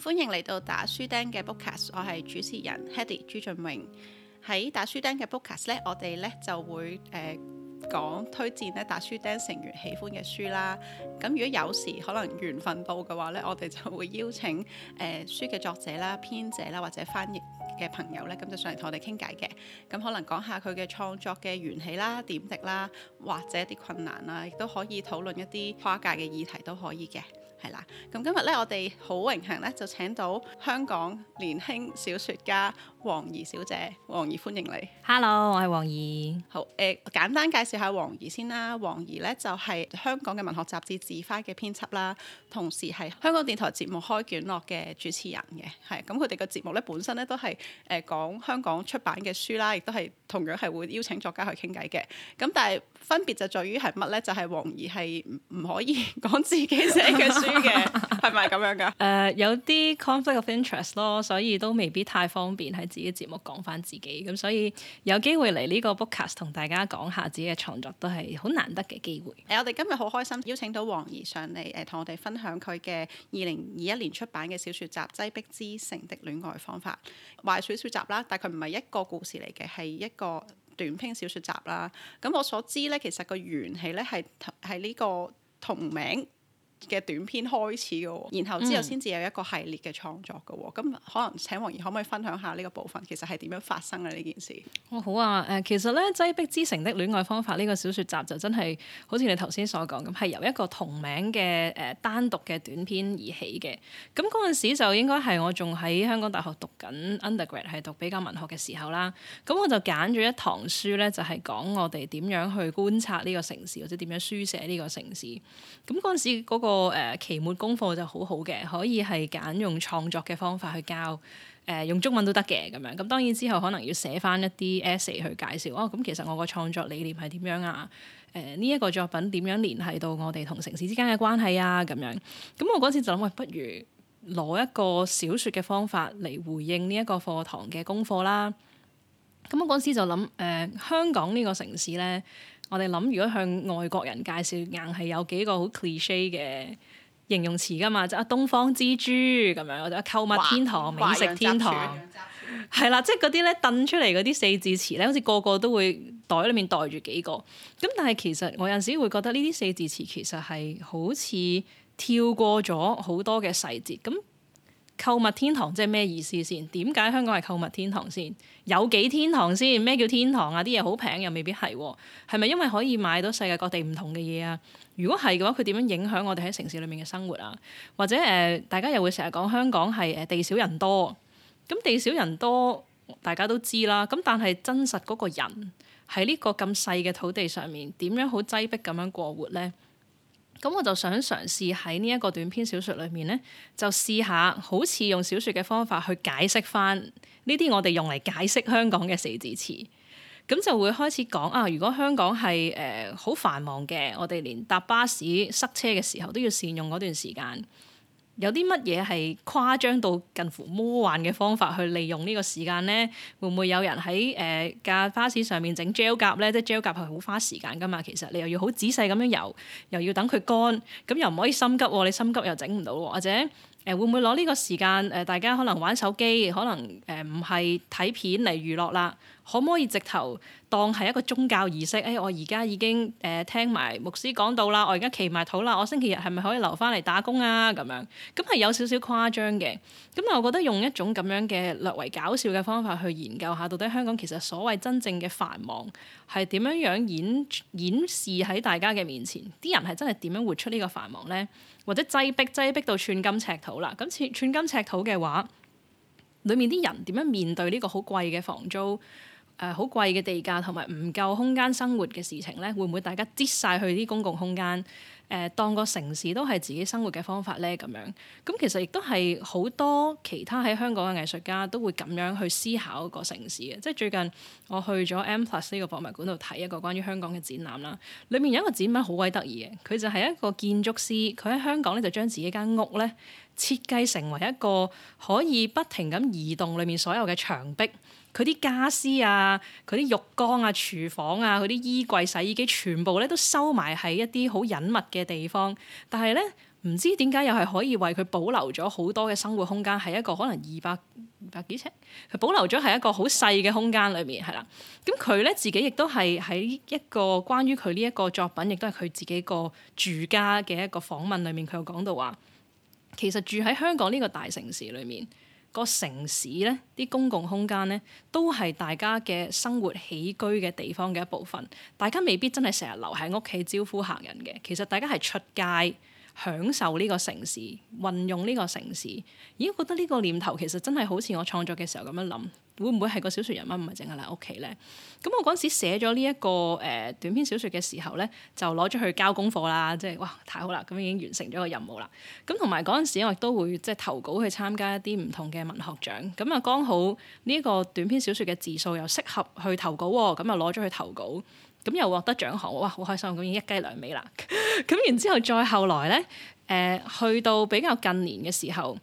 歡迎嚟到打書釘嘅 bookcast，我係主持人 Hedy 朱雋穎。喺打書釘嘅 bookcast 咧，我哋咧就會誒、呃、講推薦咧打書釘成員喜歡嘅書啦。咁如果有時可能緣分到嘅話咧，我哋就會邀請誒、呃、書嘅作者啦、編者啦或者翻譯嘅朋友咧，咁就上嚟同我哋傾偈嘅。咁可能講下佢嘅創作嘅緣起啦、點滴啦，或者啲困難啊，亦都可以討論一啲跨界嘅議題都可以嘅。係啦，咁今日咧，我哋好榮幸咧，就請到香港年輕小說家黃怡小姐，黃怡，歡迎你。Hello，我係黃怡。好，誒、呃，簡單介紹下黃怡先啦。黃怡咧就係、是、香港嘅文學雜誌《字花》嘅編輯啦，同時係香港電台節目《開卷樂》嘅主持人嘅。係咁，佢哋嘅節目咧本身咧都係誒講香港出版嘅書啦，亦都係同樣係會邀請作家去傾偈嘅。咁但係分別就在於係乜咧？就係黃怡係唔可以講自己寫嘅書。 嘅係咪咁樣噶？誒有啲 conflict of interest 咯，所以都未必太方便喺自己節目講翻自己咁，所以有機會嚟呢個 Bookcast 同大家講下自己嘅創作都係好難得嘅機會。誒，我哋今日好開心邀請到黃怡上嚟誒，同、呃、我哋分享佢嘅二零二一年出版嘅小說集《擠迫之城的戀愛方法》，話小說集啦，但係佢唔係一個故事嚟嘅，係一個短篇小說集啦。咁我所知呢，其實個源起呢係係呢個同名嘅短篇開始嘅，然後之後先至有一個系列嘅創作嘅，咁、嗯、可能請黃怡可唔可以分享下呢個部分其實係點樣發生嘅呢件事？哦好啊，誒、呃、其實咧擠迫之城的戀愛方法呢、這個小説集就真係好似你頭先所講咁，係由一個同名嘅誒、呃、單獨嘅短篇而起嘅。咁嗰陣時就應該係我仲喺香港大學讀緊 undergrad 係讀比較文學嘅時候啦。咁我就揀咗一堂書咧，就係、是、講我哋點樣去觀察呢個城市或者點樣書寫呢個城市。咁嗰陣時、那個個誒期末功課就好好嘅，可以係揀用創作嘅方法去教，誒、呃、用中文都得嘅咁樣。咁當然之後可能要寫翻一啲 essay 去介紹哦。咁、嗯、其實我個創作理念係點樣啊？誒呢一個作品點樣聯繫到我哋同城市之間嘅關係啊？咁樣。咁、嗯、我嗰陣時就諗，喂、哎，不如攞一個小說嘅方法嚟回應呢一個課堂嘅功課啦。咁我嗰陣時就諗，誒、呃、香港呢個城市咧。我哋諗，如果向外國人介紹，硬係有幾個好 cliche 嘅形容詞㗎嘛，就係啊東方之珠咁樣，或者購物天堂、美哇食天堂，係啦，即係嗰啲咧揼出嚟嗰啲四字詞咧，好似個個都會袋裏面袋住幾個。咁但係其實我有陣時會覺得呢啲四字詞其實係好似跳過咗好多嘅細節咁。購物天堂即係咩意思先？點解香港係購物天堂先？有幾天堂先？咩叫天堂啊？啲嘢好平又未必係、哦，係咪因為可以買到世界各地唔同嘅嘢啊？如果係嘅話，佢點樣影響我哋喺城市裏面嘅生活啊？或者誒、呃，大家又會成日講香港係誒地少人多，咁地少人多大家都知啦。咁但係真實嗰個人喺呢個咁細嘅土地上面，點樣好擠迫咁樣過活咧？咁我就想嘗試喺呢一個短篇小説裏面咧，就試下好似用小説嘅方法去解釋返呢啲我哋用嚟解釋香港嘅四字詞，咁就會開始講啊，如果香港係誒好繁忙嘅，我哋連搭巴士塞車嘅時候都要善用嗰段時間。有啲乜嘢係誇張到近乎魔幻嘅方法去利用呢個時間咧？會唔會有人喺誒架巴士上面整 gel 甲咧？即 gel 甲係好花時間噶嘛，其實你又要好仔細咁樣游，又要等佢乾，咁又唔可以心急喎，你心急又整唔到，或者誒、呃、會唔會攞呢個時間誒、呃、大家可能玩手機，可能誒唔係睇片嚟娛樂啦？可唔可以直頭當係一個宗教儀式？誒、哎，我而家已經誒、呃、聽埋牧師講到啦，我而家祈埋肚啦。我星期日係咪可以留翻嚟打工啊？咁樣咁係有少少誇張嘅。咁但係我覺得用一種咁樣嘅略為搞笑嘅方法去研究下，到底香港其實所謂真正嘅繁忙係點樣樣演演示喺大家嘅面前？啲人係真係點樣活出呢個繁忙呢？或者擠迫擠迫到寸金尺土啦。咁似寸金尺土嘅話，裡面啲人點樣面對呢個好貴嘅房租？誒好、呃、貴嘅地價同埋唔夠空間生活嘅事情咧，會唔會大家擠晒去啲公共空間？誒、呃，當個城市都係自己生活嘅方法咧，咁樣咁其實亦都係好多其他喺香港嘅藝術家都會咁樣去思考個城市嘅。即係最近我去咗 M+ 呢個博物館度睇一個關於香港嘅展覽啦，裡面有一個展品好鬼得意嘅，佢就係一個建築師，佢喺香港咧就將自己間屋咧設計成為一個可以不停咁移動裏面所有嘅牆壁。佢啲家私啊，佢啲浴缸啊、廚房啊、佢啲衣櫃洗衣機全部咧都收埋喺一啲好隱密嘅地方。但係咧，唔知點解又係可以為佢保留咗好多嘅生活空間，係一個可能二百二百幾尺，佢保留咗係一個好細嘅空間裏面，係啦。咁佢咧自己亦都係喺一個關於佢呢一個作品，亦都係佢自己個住家嘅一個訪問裏面，佢又講到話，其實住喺香港呢個大城市裏面。個城市咧，啲公共空間咧，都係大家嘅生活起居嘅地方嘅一部分。大家未必真係成日留喺屋企招呼客人嘅，其實大家係出街，享受呢個城市，運用呢個城市，咦？覺得呢個念頭其實真係好似我創作嘅時候咁樣諗，會唔會係個小説人物唔係淨係喺屋企咧？咁我嗰陣時寫咗呢一個誒、呃、短篇小説嘅時候咧，就攞咗去交功課啦，即係哇，太好啦！咁已經完成咗個任務啦。咁同埋嗰陣時我亦都會即係投稿去參加一啲唔同嘅文學獎。咁又剛好呢個短篇小説嘅字數又適合去投稿喎、哦，咁又攞咗去投稿。咁又獲得獎項，哇！好開心，咁已經一雞兩尾啦。咁 然之後再後來咧，誒、呃、去到比較近年嘅時候，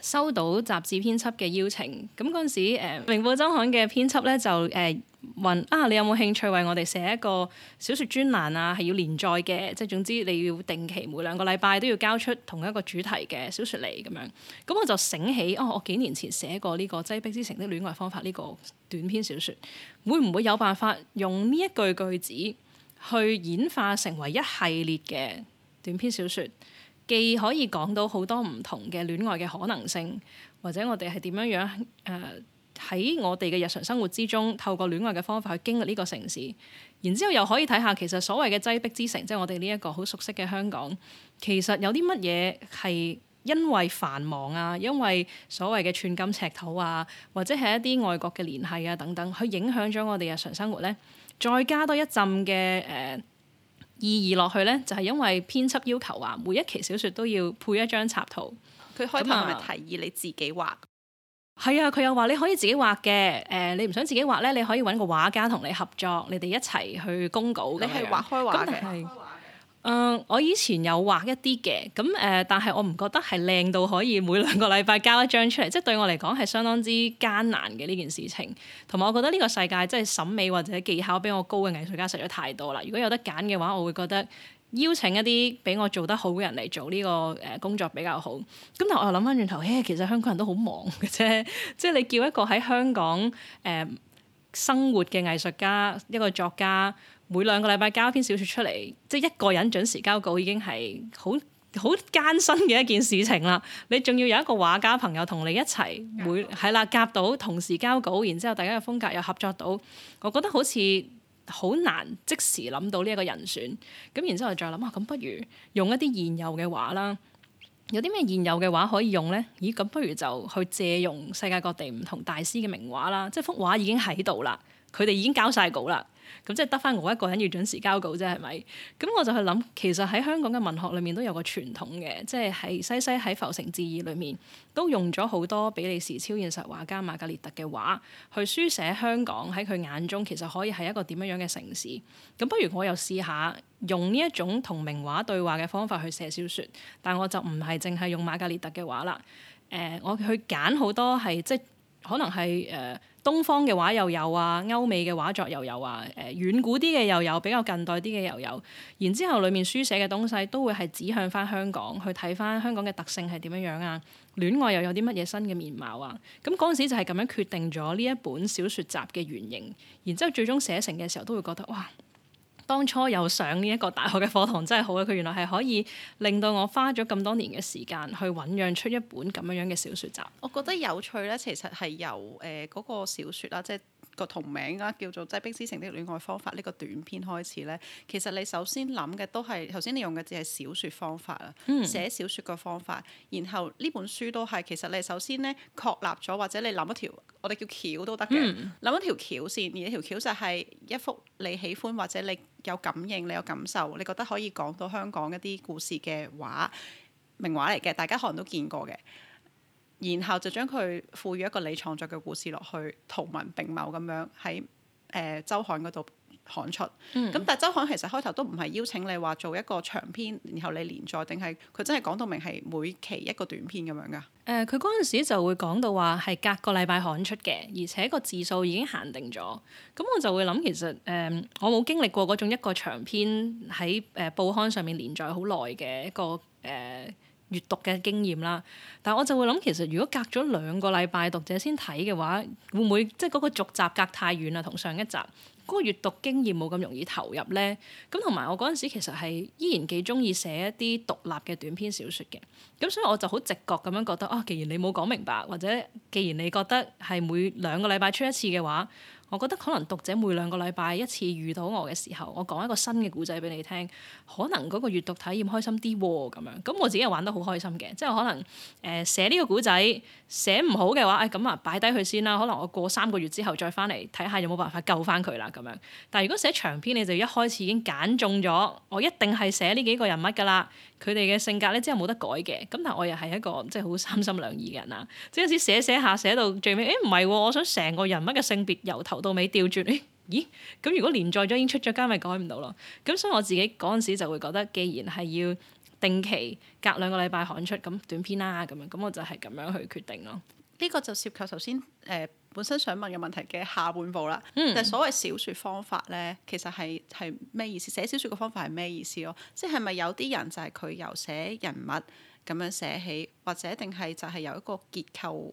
收到雜誌編輯嘅邀請。咁嗰陣時，誒、呃《明報周刊》嘅編輯咧就誒、呃問啊，你有冇興趣為我哋寫一個小説專欄啊？係要連載嘅，即係總之你要定期每兩個禮拜都要交出同一個主題嘅小説嚟咁樣。咁我就醒起，哦，我幾年前寫過呢個擠迫之城的戀愛方法呢個短篇小説，會唔會有辦法用呢一句句子去演化成為一系列嘅短篇小説，既可以講到好多唔同嘅戀愛嘅可能性，或者我哋係點樣樣誒？呃喺我哋嘅日常生活之中，透過戀愛嘅方法去經歷呢個城市，然之後又可以睇下其實所謂嘅擠迫之城，即係我哋呢一個好熟悉嘅香港，其實有啲乜嘢係因為繁忙啊，因為所謂嘅寸金尺土啊，或者係一啲外國嘅聯繫啊等等，去影響咗我哋日常生活咧。再加多一陣嘅誒意義落去咧，就係因為編輯要求話每一期小說都要配一張插圖，佢開頭係提議你自己畫。係啊，佢又話你可以自己畫嘅，誒、呃，你唔想自己畫咧，你可以搵個畫家同你合作，你哋一齊去公稿嘅，係畫開畫嘅。咁但係，誒、呃，我以前有畫一啲嘅，咁、呃、誒，但係我唔覺得係靚到可以每兩個禮拜交一張出嚟，即係對我嚟講係相當之艱難嘅呢件事情。同埋，我覺得呢個世界即係審美或者技巧比我高嘅藝術家實在太多啦。如果有得揀嘅話，我會覺得。邀請一啲比我做得好嘅人嚟做呢個誒工作比較好。咁但我又諗翻轉頭，誒、哎、其實香港人都好忙嘅啫。即係你叫一個喺香港誒、呃、生活嘅藝術家、一個作家，每兩個禮拜交一篇小說出嚟，即係一個人準時交稿已經係好好艱辛嘅一件事情啦。你仲要有一個畫家朋友同你一齊，稿每係啦夾到同時交稿，然之後大家嘅風格又合作到，我覺得好似，好難即時諗到呢一個人選，咁然之後再諗下，咁、啊、不如用一啲現有嘅畫啦，有啲咩現有嘅畫可以用咧？咦，咁不如就去借用世界各地唔同大師嘅名畫啦，即係幅畫已經喺度啦，佢哋已經交晒稿啦。咁即係得翻我一個人要準時交稿啫，係咪？咁我就去諗，其實喺香港嘅文學裏面都有個傳統嘅，即係係西西喺《浮城誌異》裏面都用咗好多比利時超現實畫家馬格列特嘅畫去書寫香港。喺佢眼中其實可以係一個點樣樣嘅城市。咁不如我又試下用呢一種同名畫對話嘅方法去寫小説，但我就唔係淨係用馬格列特嘅畫啦。誒、呃，我去揀好多係即可能係誒。呃東方嘅畫又有啊，歐美嘅畫作又有啊，誒，遠古啲嘅又有，比較近代啲嘅又有，然之後裡面書寫嘅東西都會係指向返香港，去睇返香港嘅特性係點樣樣啊，戀愛又有啲乜嘢新嘅面貌啊，咁嗰陣時就係咁樣決定咗呢一本小説集嘅原型，然之後最終寫成嘅時候都會覺得哇！當初有上呢一個大學嘅課堂真係好啊！佢原來係可以令到我花咗咁多年嘅時間去醖釀出一本咁樣樣嘅小説集。我覺得有趣咧，其實係由誒嗰個小説啦，即係。個同名啦，叫做《擠迫之城的戀愛方法》呢、這個短篇開始呢，其實你首先諗嘅都係，頭先你用嘅只係小説方法啦，嗯、寫小説嘅方法，然後呢本書都係其實你首先呢，確立咗，或者你諗一條我哋叫橋都得嘅，諗、嗯、一條橋線，而一條橋就係一幅你喜歡或者你有感應、你有感受、你覺得可以講到香港一啲故事嘅畫名畫嚟嘅，大家可能都見過嘅。然後就將佢賦予一個你創作嘅故事落去，圖文並茂咁樣喺誒週刊嗰度刊出。咁、嗯、但係週刊其實開頭都唔係邀請你話做一個長篇，然後你連載，定係佢真係講到明係每期一個短篇咁樣噶？誒、呃，佢嗰陣時就會講到話係隔個禮拜刊出嘅，而且個字數已經限定咗。咁我就會諗，其實誒、呃、我冇經歷過嗰種一個長篇喺誒、呃、報刊上面連載好耐嘅一個誒。呃呃閱讀嘅經驗啦，但我就會諗其實如果隔咗兩個禮拜讀者先睇嘅話，會唔會即係嗰個續集隔太遠啦？同上一集嗰個閱讀經驗冇咁容易投入咧。咁同埋我嗰陣時其實係依然幾中意寫一啲獨立嘅短篇小說嘅。咁所以我就好直覺咁樣覺得啊，既然你冇講明白，或者既然你覺得係每兩個禮拜出一次嘅話。我覺得可能讀者每兩個禮拜一次遇到我嘅時候，我講一個新嘅故仔俾你聽，可能嗰個閱讀體驗開心啲喎咁樣。咁我自己又玩得好開心嘅，即係可能誒寫呢個故仔寫唔好嘅話，咁啊擺低佢先啦。可能我過三個月之後再翻嚟睇下有冇辦法救翻佢啦咁樣。但係如果寫長篇，你就一開始已經揀中咗，我一定係寫呢幾個人物㗎啦。佢哋嘅性格咧真係冇得改嘅，咁但係我又係一個即係好三心兩意嘅人啦。即係有時寫寫下寫，寫，寫到最尾，誒唔係喎，我想成個人物嘅性別由頭到尾調轉，誒咦？咁如果連載咗已經出咗街，咪改唔到咯。咁、嗯、所以我自己嗰陣時就會覺得，既然係要定期隔兩個禮拜刊出，咁短篇啦咁樣，咁我就係咁樣去決定咯。呢個就涉及頭先誒本身想問嘅問題嘅下半部啦，就係、嗯、所謂小説方法咧，其實係係咩意思？寫小説嘅方法係咩意思咯？即係咪有啲人就係佢由寫人物咁樣寫起，或者定係就係由一個結構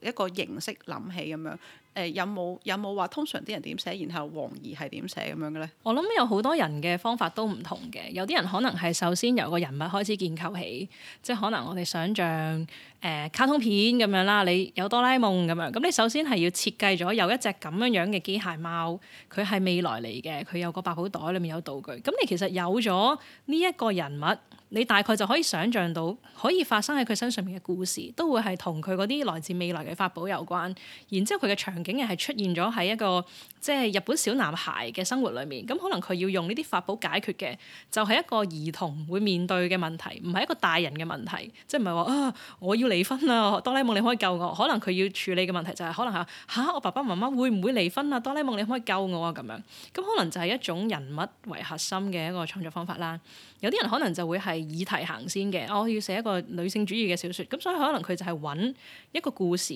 一個形式諗起咁樣？誒、呃、有冇有冇話通常啲人點寫，然後黃怡係點寫咁樣嘅咧？我諗有好多人嘅方法都唔同嘅，有啲人可能係首先由個人物開始建構起，即係可能我哋想像誒、呃、卡通片咁樣啦，你有哆啦 A 夢咁樣，咁你首先係要設計咗有一隻咁樣樣嘅機械貓，佢係未來嚟嘅，佢有個百寶袋，裡面有道具，咁你其實有咗呢一個人物。你大概就可以想像到，可以發生喺佢身上面嘅故事，都會係同佢嗰啲來自未來嘅法寶有關。然之後佢嘅場景又係出現咗喺一個即係日本小男孩嘅生活裏面。咁、嗯、可能佢要用呢啲法寶解決嘅，就係、是、一個兒童會面對嘅問題，唔係一個大人嘅問題。即係唔係話啊，我要離婚啊，多啦 A 夢你可以救我。可能佢要處理嘅問題就係、是、可能嚇、啊，我爸爸媽媽會唔會離婚啊？多啦 A 夢你可以救我啊！咁樣，咁、嗯、可能就係一種人物為核心嘅一個創作方法啦。有啲人可能就會係議題行先嘅，我要寫一個女性主義嘅小説。咁所以可能佢就係揾一個故事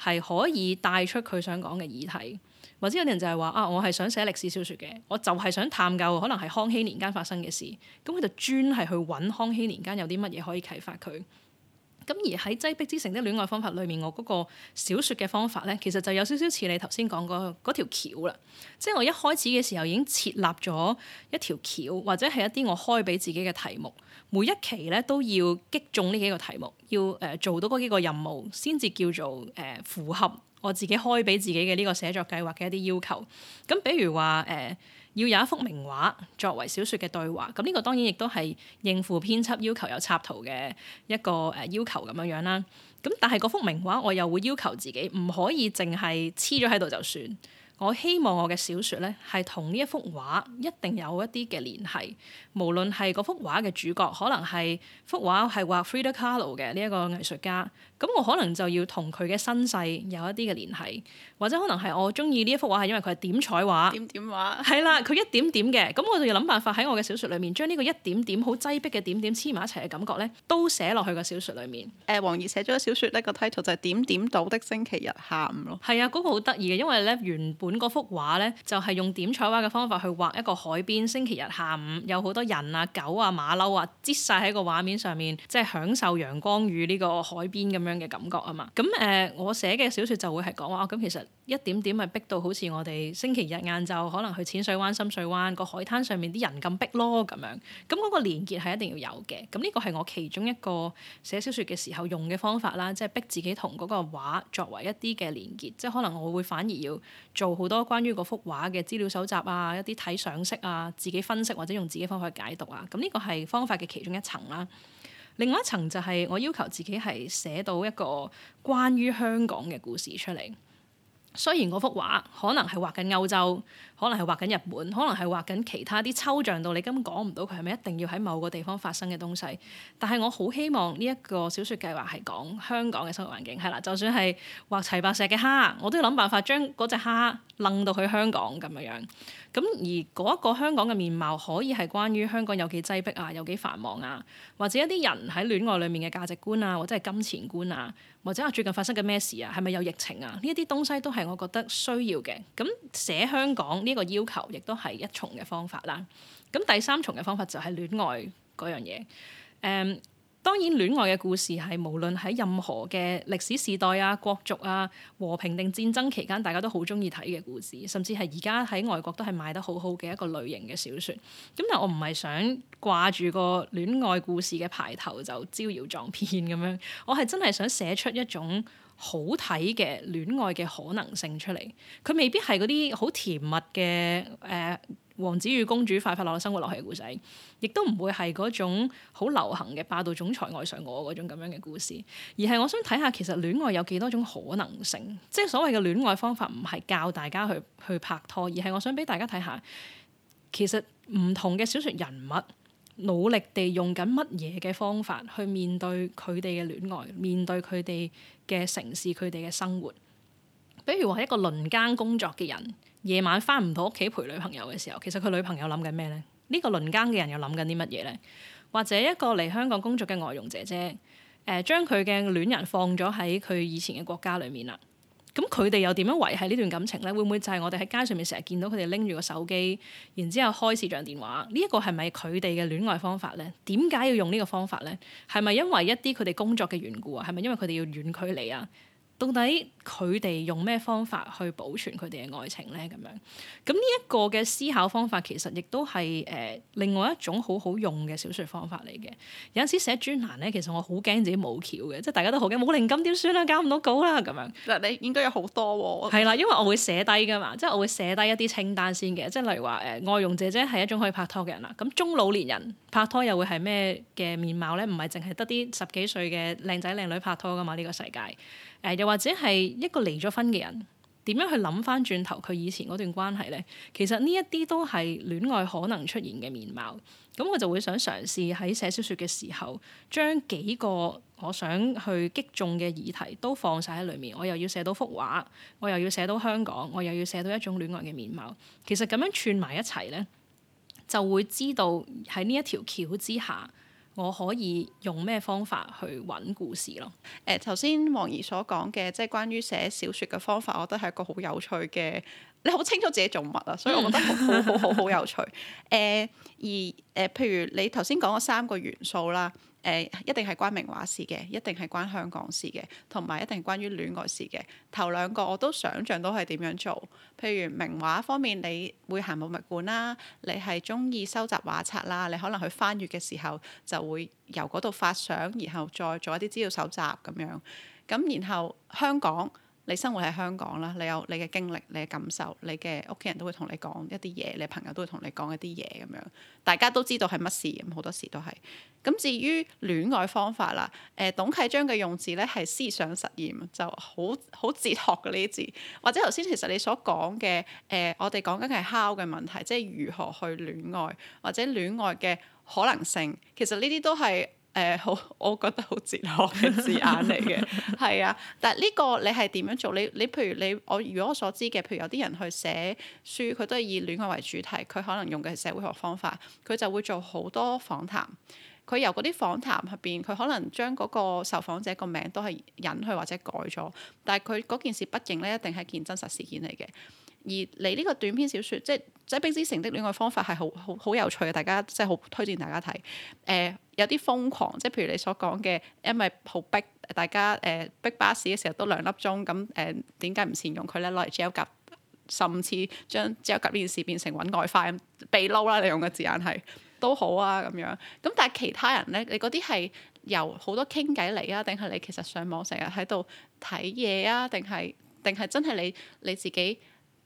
係可以帶出佢想講嘅議題，或者有啲人就係話啊，我係想寫歷史小説嘅，我就係想探究可能係康熙年間發生嘅事，咁佢就專係去揾康熙年間有啲乜嘢可以啟發佢。咁而喺擠迫之城的戀愛方法裏面，我嗰個小説嘅方法咧，其實就有少少似你頭先講個嗰條橋啦。即係我一開始嘅時候已經設立咗一條橋，或者係一啲我開俾自己嘅題目，每一期咧都要擊中呢幾個題目，要誒、呃、做到嗰幾個任務，先至叫做誒、呃、符合我自己開俾自己嘅呢個寫作計劃嘅一啲要求。咁、呃、比如話誒。呃要有一幅名畫作為小説嘅對話，咁、這、呢個當然亦都係應付編輯要求有插圖嘅一個誒要求咁樣樣啦。咁但係嗰幅名畫，我又會要求自己唔可以淨係黐咗喺度就算。我希望我嘅小説咧係同呢一幅畫一定有一啲嘅聯繫，無論係嗰幅畫嘅主角，可能係幅畫係畫 Frida Kahlo 嘅呢一個藝術家，咁我可能就要同佢嘅身世有一啲嘅聯繫，或者可能係我中意呢一幅畫係因為佢係點彩畫，點點畫，係啦，佢一點點嘅，咁我就要諗辦法喺我嘅小説裡面將呢個一點點好擠迫嘅點點黐埋一齊嘅感覺咧，都寫落去個小説裡面。誒、呃，黃怡寫咗小説咧，個 title 就係點點到的星期日下午咯。係啊，嗰、嗰個好得意嘅，因為咧原本。本嗰幅畫咧，就係、是、用點彩畫嘅方法去畫一個海邊星期日下午有好多人啊、狗啊、馬騮啊，擠晒喺個畫面上面，即係享受陽光與呢個海邊咁樣嘅感覺啊嘛。咁誒、呃、我寫嘅小說就會係講話，咁、哦、其實一點點咪逼到好似我哋星期日晏晝可能去淺水灣深水灣個海灘上面啲人咁逼咯咁樣咁嗰、那個連結係一定要有嘅。咁呢個係我其中一個寫小說嘅時候用嘅方法啦，即係逼自己同嗰個畫作為一啲嘅連結，即係可能我會反而要做。好多關於嗰幅畫嘅資料搜集啊，一啲睇賞識啊，自己分析或者用自己方法去解讀啊，咁呢個係方法嘅其中一層啦。另外一層就係我要求自己係寫到一個關於香港嘅故事出嚟。雖然嗰幅畫可能係畫緊歐洲。可能係畫緊日本，可能係畫緊其他啲抽象到你根本講唔到佢係咪一定要喺某個地方發生嘅東西。但係我好希望呢一個小説計劃係講香港嘅生活環境，係啦，就算係畫齊白石嘅蝦，我都要諗辦法將嗰隻蝦愣到去香港咁樣樣。咁而嗰一個香港嘅面貌可以係關於香港有幾擠迫啊，有幾繁忙啊，或者一啲人喺戀愛裡面嘅價值觀啊，或者係金錢觀啊，或者最近發生嘅咩事啊，係咪有疫情啊？呢一啲東西都係我覺得需要嘅。咁寫香港。呢個要求亦都係一重嘅方法啦。咁第三重嘅方法就係戀愛嗰樣嘢。誒、um。當然，戀愛嘅故事係無論喺任何嘅歷史時代啊、國族啊、和平定戰爭期間，大家都好中意睇嘅故事，甚至係而家喺外國都係賣得好好嘅一個類型嘅小說。咁但我唔係想掛住個戀愛故事嘅牌頭就招搖撞騙咁樣，我係真係想寫出一種好睇嘅戀愛嘅可能性出嚟。佢未必係嗰啲好甜蜜嘅誒、呃王子與公主快快樂樂生活落去嘅故事，亦都唔會係嗰種好流行嘅霸道總裁愛上我嗰種咁樣嘅故事，而係我想睇下其實戀愛有幾多種可能性。即係所謂嘅戀愛方法，唔係教大家去去拍拖，而係我想俾大家睇下，其實唔同嘅小說人物努力地用緊乜嘢嘅方法去面對佢哋嘅戀愛，面對佢哋嘅城市，佢哋嘅生活。比如話一個輪更工作嘅人，夜晚翻唔到屋企陪女朋友嘅時候，其實佢女朋友諗緊咩呢？呢個輪更嘅人又諗緊啲乜嘢呢？或者一個嚟香港工作嘅外傭姐姐，誒將佢嘅戀人放咗喺佢以前嘅國家裡面啦，咁佢哋又點樣維係呢段感情呢？會唔會就係我哋喺街上面成日見到佢哋拎住個手機，然之後開視像電話？呢一個係咪佢哋嘅戀愛方法呢？點解要用呢個方法呢？係咪因為一啲佢哋工作嘅緣故啊？係咪因為佢哋要遠距離啊？到底佢哋用咩方法去保存佢哋嘅愛情呢？咁樣，咁呢一個嘅思考方法其實亦都係誒另外一種好好用嘅小説方法嚟嘅。有陣時寫專欄咧，其實我好驚自己冇橋嘅，即係大家都好驚冇靈感點算啊，搞唔到稿啦咁樣。嗱，你應該有好多喎。係啦，因為我會寫低噶嘛，即係我會寫低一啲清單先嘅，即係例如話誒外傭姐姐係一種可以拍拖嘅人啦。咁中老年人拍拖又會係咩嘅面貌咧？唔係淨係得啲十幾歲嘅靚仔靚女拍拖噶嘛？呢個世界。誒，又或者係一個離咗婚嘅人，點樣去諗翻轉頭佢以前嗰段關係呢？其實呢一啲都係戀愛可能出現嘅面貌。咁我就會想嘗試喺寫小説嘅時候，將幾個我想去擊中嘅議題都放晒喺裏面。我又要寫到幅畫，我又要寫到香港，我又要寫到一種戀愛嘅面貌。其實咁樣串埋一齊呢，就會知道喺呢一條橋之下，我可以用咩方法去揾故事咯？誒，頭先黃怡所講嘅，即係關於寫小説嘅方法，我覺得係一個好有趣嘅。你好清楚自己做乜啊，所以我覺得 好好好好有趣。誒、呃、而誒、呃，譬如你頭先講嘅三個元素啦。誒一定係關名畫事嘅，一定係關，關香港事嘅，同埋一定關於戀愛事嘅。頭兩個我都想像到係點樣做，譬如名畫方面，你會行博物館啦，你係中意收集畫冊啦，你可能去翻閱嘅時候就會由嗰度發想，然後再做一啲資料搜集咁樣。咁然後香港。你生活喺香港啦，你有你嘅經歷，你嘅感受，你嘅屋企人都會同你講一啲嘢，你朋友都會同你講一啲嘢咁樣，大家都知道係乜事咁，好多時都係。咁至於戀愛方法啦，誒、呃，董啟章嘅用字咧係思想實驗，就好好哲學嘅呢啲字，或者頭先其實你所講嘅誒，我哋講緊係 how 嘅問題，即係如何去戀愛，或者戀愛嘅可能性，其實呢啲都係。誒、呃、好，我覺得好哲學嘅字眼嚟嘅，係啊， 但係呢個你係點樣做？你你譬如你我如我所知嘅，譬如有啲人去寫書，佢都係以戀愛為主題，佢可能用嘅係社會學方法，佢就會做好多訪談。佢由嗰啲訪談入邊，佢可能將嗰個受訪者個名都係隱去或者改咗，但係佢嗰件事畢竟咧，一定係一件真實事件嚟嘅。而你呢個短篇小說，即係即係《擠迫之城的戀愛方法》，係好好好有趣嘅。大家即係好推薦大家睇。誒有啲瘋狂，即係譬如你所講嘅，因為好逼，大家誒逼巴士嘅時候都兩粒鐘咁誒，點解唔善用佢咧？攞嚟只有夾，甚至將只有夾呢件事變成揾外快咁避嬲啦。你用個字眼係都好啊咁樣。咁但係其他人咧，你嗰啲係由好多傾偈嚟啊，定係你其實上網成日喺度睇嘢啊，定係定係真係你你自己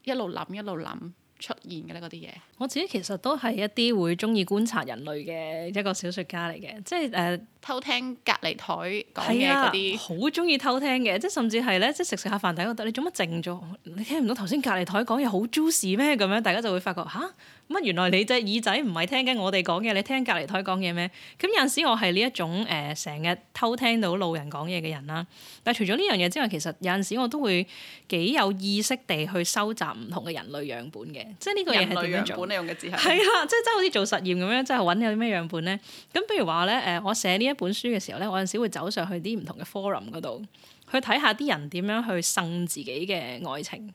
一路諗，一路諗，出現嘅咧嗰啲嘢。我自己其實都係一啲會鍾意觀察人類嘅一個小說家嚟嘅，即係誒、uh, 偷聽隔離枱講嘢嗰啲，好鍾意偷聽嘅，即係甚至係咧，即係食食下飯大家覺得你做乜靜咗？你聽唔到頭先隔離枱講嘢好 juicy 咩？咁樣大家就會發覺嚇，乜、啊、原來你隻耳仔唔係聽緊我哋講嘢？你聽隔離枱講嘢咩？咁有陣時我係呢一種誒成日偷聽到路人講嘢嘅人啦。但係除咗呢樣嘢之外，其實有陣時我都會幾有意識地去收集唔同嘅人類樣本嘅，本即係呢個嘢係點樣做？用嘅字係？係啦，即係真係好似做實驗咁樣，即係揾有啲咩樣本咧。咁譬如話咧，誒，我寫呢一本書嘅時候咧，我有時會走上去啲唔同嘅 forum 嗰度，去睇下啲人點樣去勝自己嘅愛情。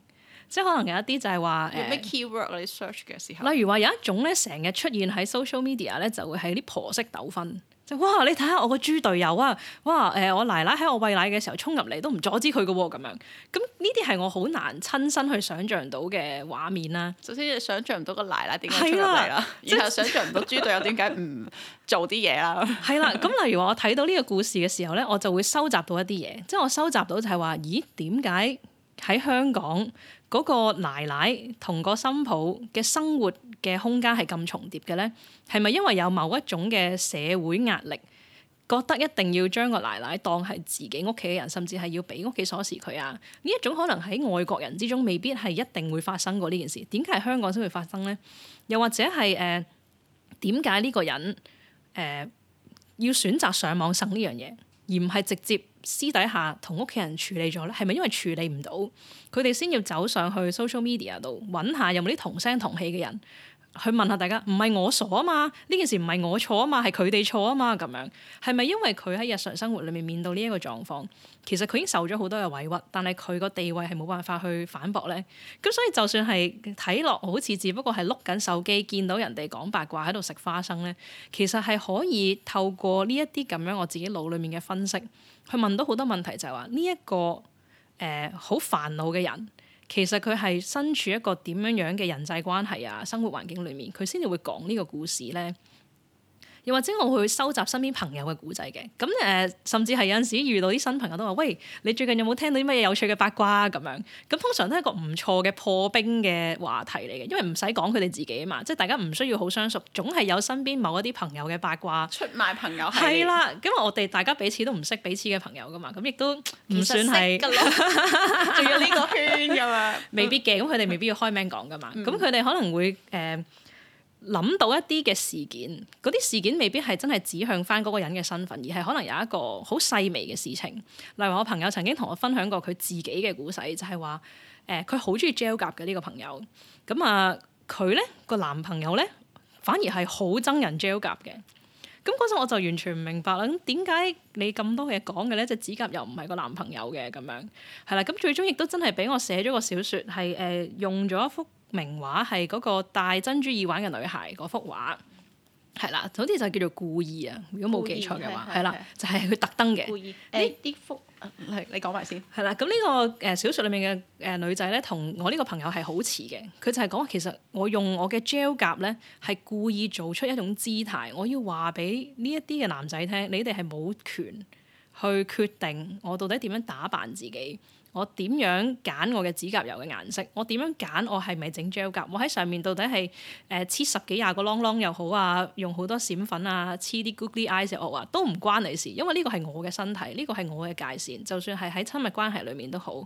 即係可能有一啲就係話誒，keyword search 嘅時候，例如話有一種咧，成日出現喺 social media 咧，就會係啲婆媳糾紛。就哇！你睇下我個豬隊友啊！哇誒、呃，我奶奶喺我餵奶嘅時候衝入嚟，都唔阻止佢嘅喎咁樣。咁呢啲係我好難親身去想像到嘅畫面啦、啊。首先，想像唔到個奶奶點解出嚟啦，然、啊、後想像唔到豬隊友點解唔做啲嘢啦。係 啦、啊，咁例如話我睇到呢個故事嘅時候咧，我就會收集到一啲嘢。即、就、係、是、我收集到就係話，咦？點解喺香港？嗰個奶奶同個新抱嘅生活嘅空間係咁重疊嘅呢？係咪因為有某一種嘅社會壓力，覺得一定要將個奶奶當係自己屋企嘅人，甚至係要俾屋企鎖匙佢啊？呢一種可能喺外國人之中未必係一定會發生過呢件事，點解係香港先會發生呢？又或者係誒點解呢個人誒、呃、要選擇上網曬呢樣嘢，而唔係直接私底下同屋企人處理咗咧，係咪因為處理唔到，佢哋先要走上去 social media 度揾下有冇啲同聲同氣嘅人？去問下大家，唔係我傻啊嘛？呢件事唔係我錯啊嘛，係佢哋錯啊嘛，咁樣係咪因為佢喺日常生活裏面面對呢一個狀況？其實佢已經受咗好多嘅委屈，但係佢個地位係冇辦法去反駁咧。咁所以就算係睇落好似只不過係碌緊手機，見到人哋講八卦喺度食花生咧，其實係可以透過呢一啲咁樣我自己腦裡面嘅分析，去問到好多問題就，就係話呢一個誒好煩惱嘅人。其實佢係身處一個點樣樣嘅人際關係啊，生活環境裡面，佢先至會講呢個故事咧。又或者我會收集身邊朋友嘅古仔嘅，咁誒、呃，甚至係有陣時遇到啲新朋友都話：喂，你最近有冇聽到啲乜嘢有趣嘅八卦啊？咁樣，咁通常都係一個唔錯嘅破冰嘅話題嚟嘅，因為唔使講佢哋自己啊嘛，即係大家唔需要好相熟，總係有身邊某一啲朋友嘅八卦出賣朋友係。係啦，因為我哋大家彼此都唔識彼此嘅朋友噶嘛，咁亦都唔算係。仲有呢個圈噶嘛？嗯、未必嘅，咁佢哋未必要開名講噶嘛，咁佢哋可能會誒。呃諗到一啲嘅事件，嗰啲事件未必係真係指向翻嗰個人嘅身份，而係可能有一個好細微嘅事情。例如我朋友曾經同我分享過佢自己嘅故事，就係話，誒佢好中意 gel 甲嘅呢個朋友。咁啊，佢咧個男朋友咧反而係好憎人 gel 甲嘅。咁嗰陣我就完全唔明白啦。咁點解你咁多嘢講嘅咧？隻指甲又唔係個男朋友嘅咁樣，係啦。咁最終亦都真係俾我寫咗個小説，係誒用咗一幅，名畫係嗰個戴珍珠耳環嘅女孩嗰幅畫，係啦，總之就叫做故意啊！如果冇記錯嘅話，係啦，就係佢特登嘅。故意誒，啲幅係你講埋先。係啦，咁呢個誒小説裡面嘅誒女仔咧，同我呢個朋友係好似嘅。佢就係講其實我用我嘅 gel 夾咧，係故意做出一種姿態，我要話俾呢一啲嘅男仔聽，你哋係冇權去決定我到底點樣打扮自己。我點樣揀我嘅指甲油嘅顏色？我點樣揀我係咪整 gel 甲？我喺上面到底係誒黐十幾廿個窿窿又好啊，用好多閃粉啊，黐啲 googly eyes 又好話啊，都唔關你事，因為呢個係我嘅身體，呢個係我嘅界線，就算係喺親密關係裡面都好，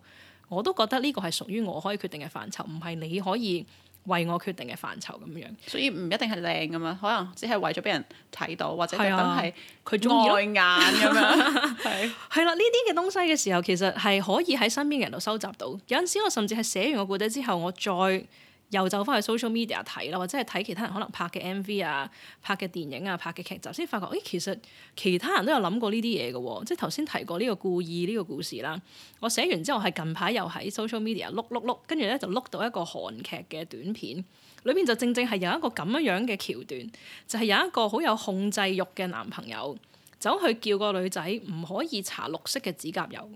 我都覺得呢個係屬於我可以決定嘅範疇，唔係你可以為我決定嘅範疇咁樣，所以唔一定係靚咁樣，可能只係為咗俾人睇到，或者等係佢鍾意眼咁樣。係啦 是，呢啲嘅東西嘅時候，其實係可以喺身邊嘅人度收集到。有陣時我甚至係寫完個故仔之後，我再，又就翻去 social media 睇啦，或者係睇其他人可能拍嘅 MV 啊、拍嘅電影啊、拍嘅劇集，先發覺誒、欸，其實其他人都有諗過呢啲嘢嘅，即係頭先提過呢個故意呢、這個故事啦。我寫完之後係近排又喺 social media 碌碌碌，跟住咧就碌到一個韓劇嘅短片，裏面就正正係有一個咁樣樣嘅橋段，就係、是、有一個好有控制欲嘅男朋友，走去叫個女仔唔可以搽綠色嘅指甲油。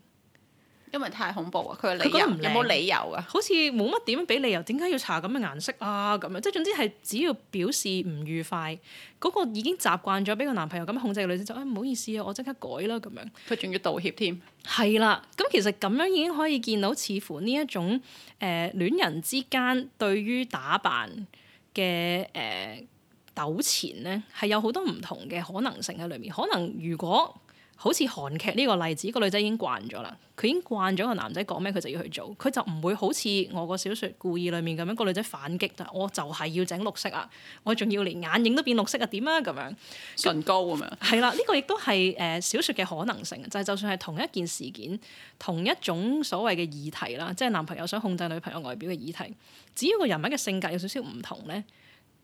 因為太恐怖啊！佢個理由有冇理由啊？好似冇乜點樣俾理由？點解要搽咁嘅顏色啊？咁樣即係總之係只要表示唔愉快，嗰、那個已經習慣咗俾個男朋友咁樣控制嘅女仔就誒唔、哎、好意思啊，我即刻改啦咁樣。佢仲要道歉添。係啦，咁其實咁樣已經可以見到，似乎呢一種誒、呃、戀人之間對於打扮嘅誒、呃、糾纏呢，係有好多唔同嘅可能性喺裏面。可能如果好似韓劇呢個例子，個女仔已經慣咗啦，佢已經慣咗個男仔講咩佢就要去做，佢就唔會好似我個小説故意裏面咁樣、個女仔反擊，就我就係要整綠色啊，我仲要連眼影都變綠色啊點啊咁樣，唇膏咁樣。係啦就，呢個亦都係誒小説嘅可能性，就係、是、就算係同一件事件、同一種所謂嘅議題啦，即係男朋友想控制女朋友外表嘅議題，只要個人物嘅性格有少少唔同咧。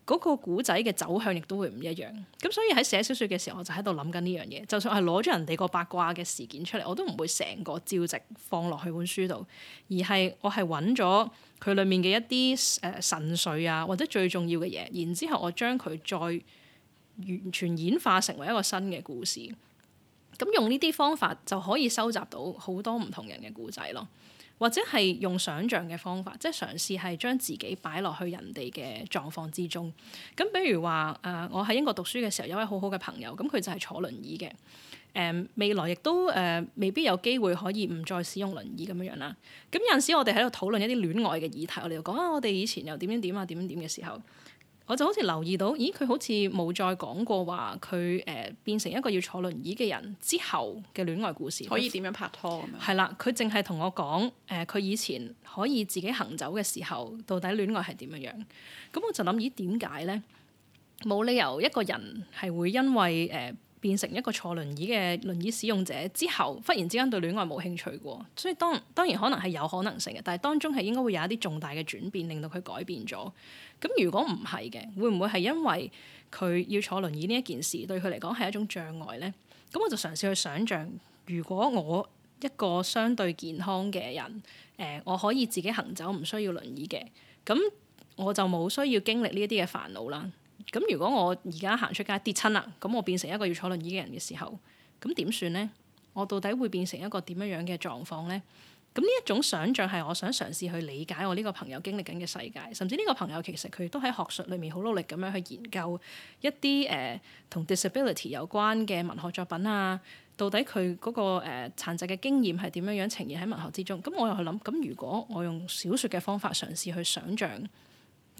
嗰個故仔嘅走向亦都會唔一樣，咁所以喺寫小説嘅時候，我就喺度諗緊呢樣嘢。就算係攞咗人哋個八卦嘅事件出嚟，我都唔會成個照直放落去本書度，而係我係揾咗佢裡面嘅一啲誒、呃、神髓啊，或者最重要嘅嘢，然之後我將佢再完全演化成為一個新嘅故事。咁用呢啲方法就可以收集到好多唔同人嘅故仔咯。或者係用想像嘅方法，即係嘗試係將自己擺落去人哋嘅狀況之中。咁，比如話誒，我喺英國讀書嘅時候有位好好嘅朋友，咁佢就係坐輪椅嘅。誒，未來亦都誒，未必有機會可以唔再使用輪椅咁樣樣啦。咁有陣時我哋喺度討論一啲戀愛嘅議題，我哋就講下，啊，我哋以前又點點點啊，點點點嘅時候。我就好似留意到，咦？佢好似冇再講過話，佢、呃、誒變成一個要坐輪椅嘅人之後嘅戀愛故事。可以點樣拍拖咁樣，係啦、就是，佢淨係同我講，誒、呃，佢以前可以自己行走嘅時候，到底戀愛係點樣樣。咁我就諗，咦？點解咧？冇理由一個人係會因為。誒、呃。變成一個坐輪椅嘅輪椅使用者之後，忽然之間對戀愛冇興趣嘅，所以當當然可能係有可能性嘅，但係當中係應該會有一啲重大嘅轉變令到佢改變咗。咁如果唔係嘅，會唔會係因為佢要坐輪椅呢一件事對佢嚟講係一種障礙咧？咁我就嘗試去想像，如果我一個相對健康嘅人，誒、呃、我可以自己行走唔需要輪椅嘅，咁我就冇需要經歷呢一啲嘅煩惱啦。咁如果我而家行出街跌親啦，咁我變成一個要坐輪椅嘅人嘅時候，咁點算呢？我到底會變成一個點樣樣嘅狀況呢？咁呢一種想像係我想嘗試去理解我呢個朋友經歷緊嘅世界，甚至呢個朋友其實佢都喺學術裏面好努力咁樣去研究一啲誒同、呃、disability 有關嘅文學作品啊。到底佢嗰、嗰個誒、呃、殘疾嘅經驗係點樣樣呈現喺文學之中？咁我又去諗，咁如果我用小説嘅方法嘗試去想像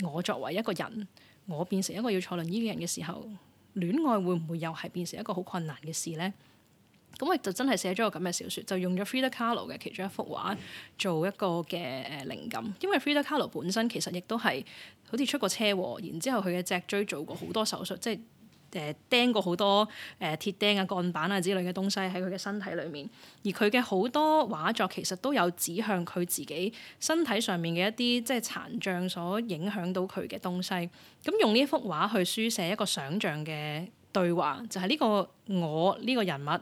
我作為一個人。我變成一個要坐輪椅嘅人嘅時候，戀愛會唔會又係變成一個好困難嘅事呢？咁我就真係寫咗個咁嘅小説，就用咗 Frida Kahlo 嘅其中一幅畫做一個嘅誒靈感，因為 Frida Kahlo 本身其實亦都係好似出過車禍，然之後佢嘅脊椎做過好多手術，即係。誒、呃、釘過好多誒、呃、鐵釘啊、鋼板啊之類嘅東西喺佢嘅身體裏面，而佢嘅好多畫作其實都有指向佢自己身體上面嘅一啲即係殘障所影響到佢嘅東西。咁、嗯、用呢一幅畫去書寫一個想像嘅對話，就係、是、呢個我呢、呢個人物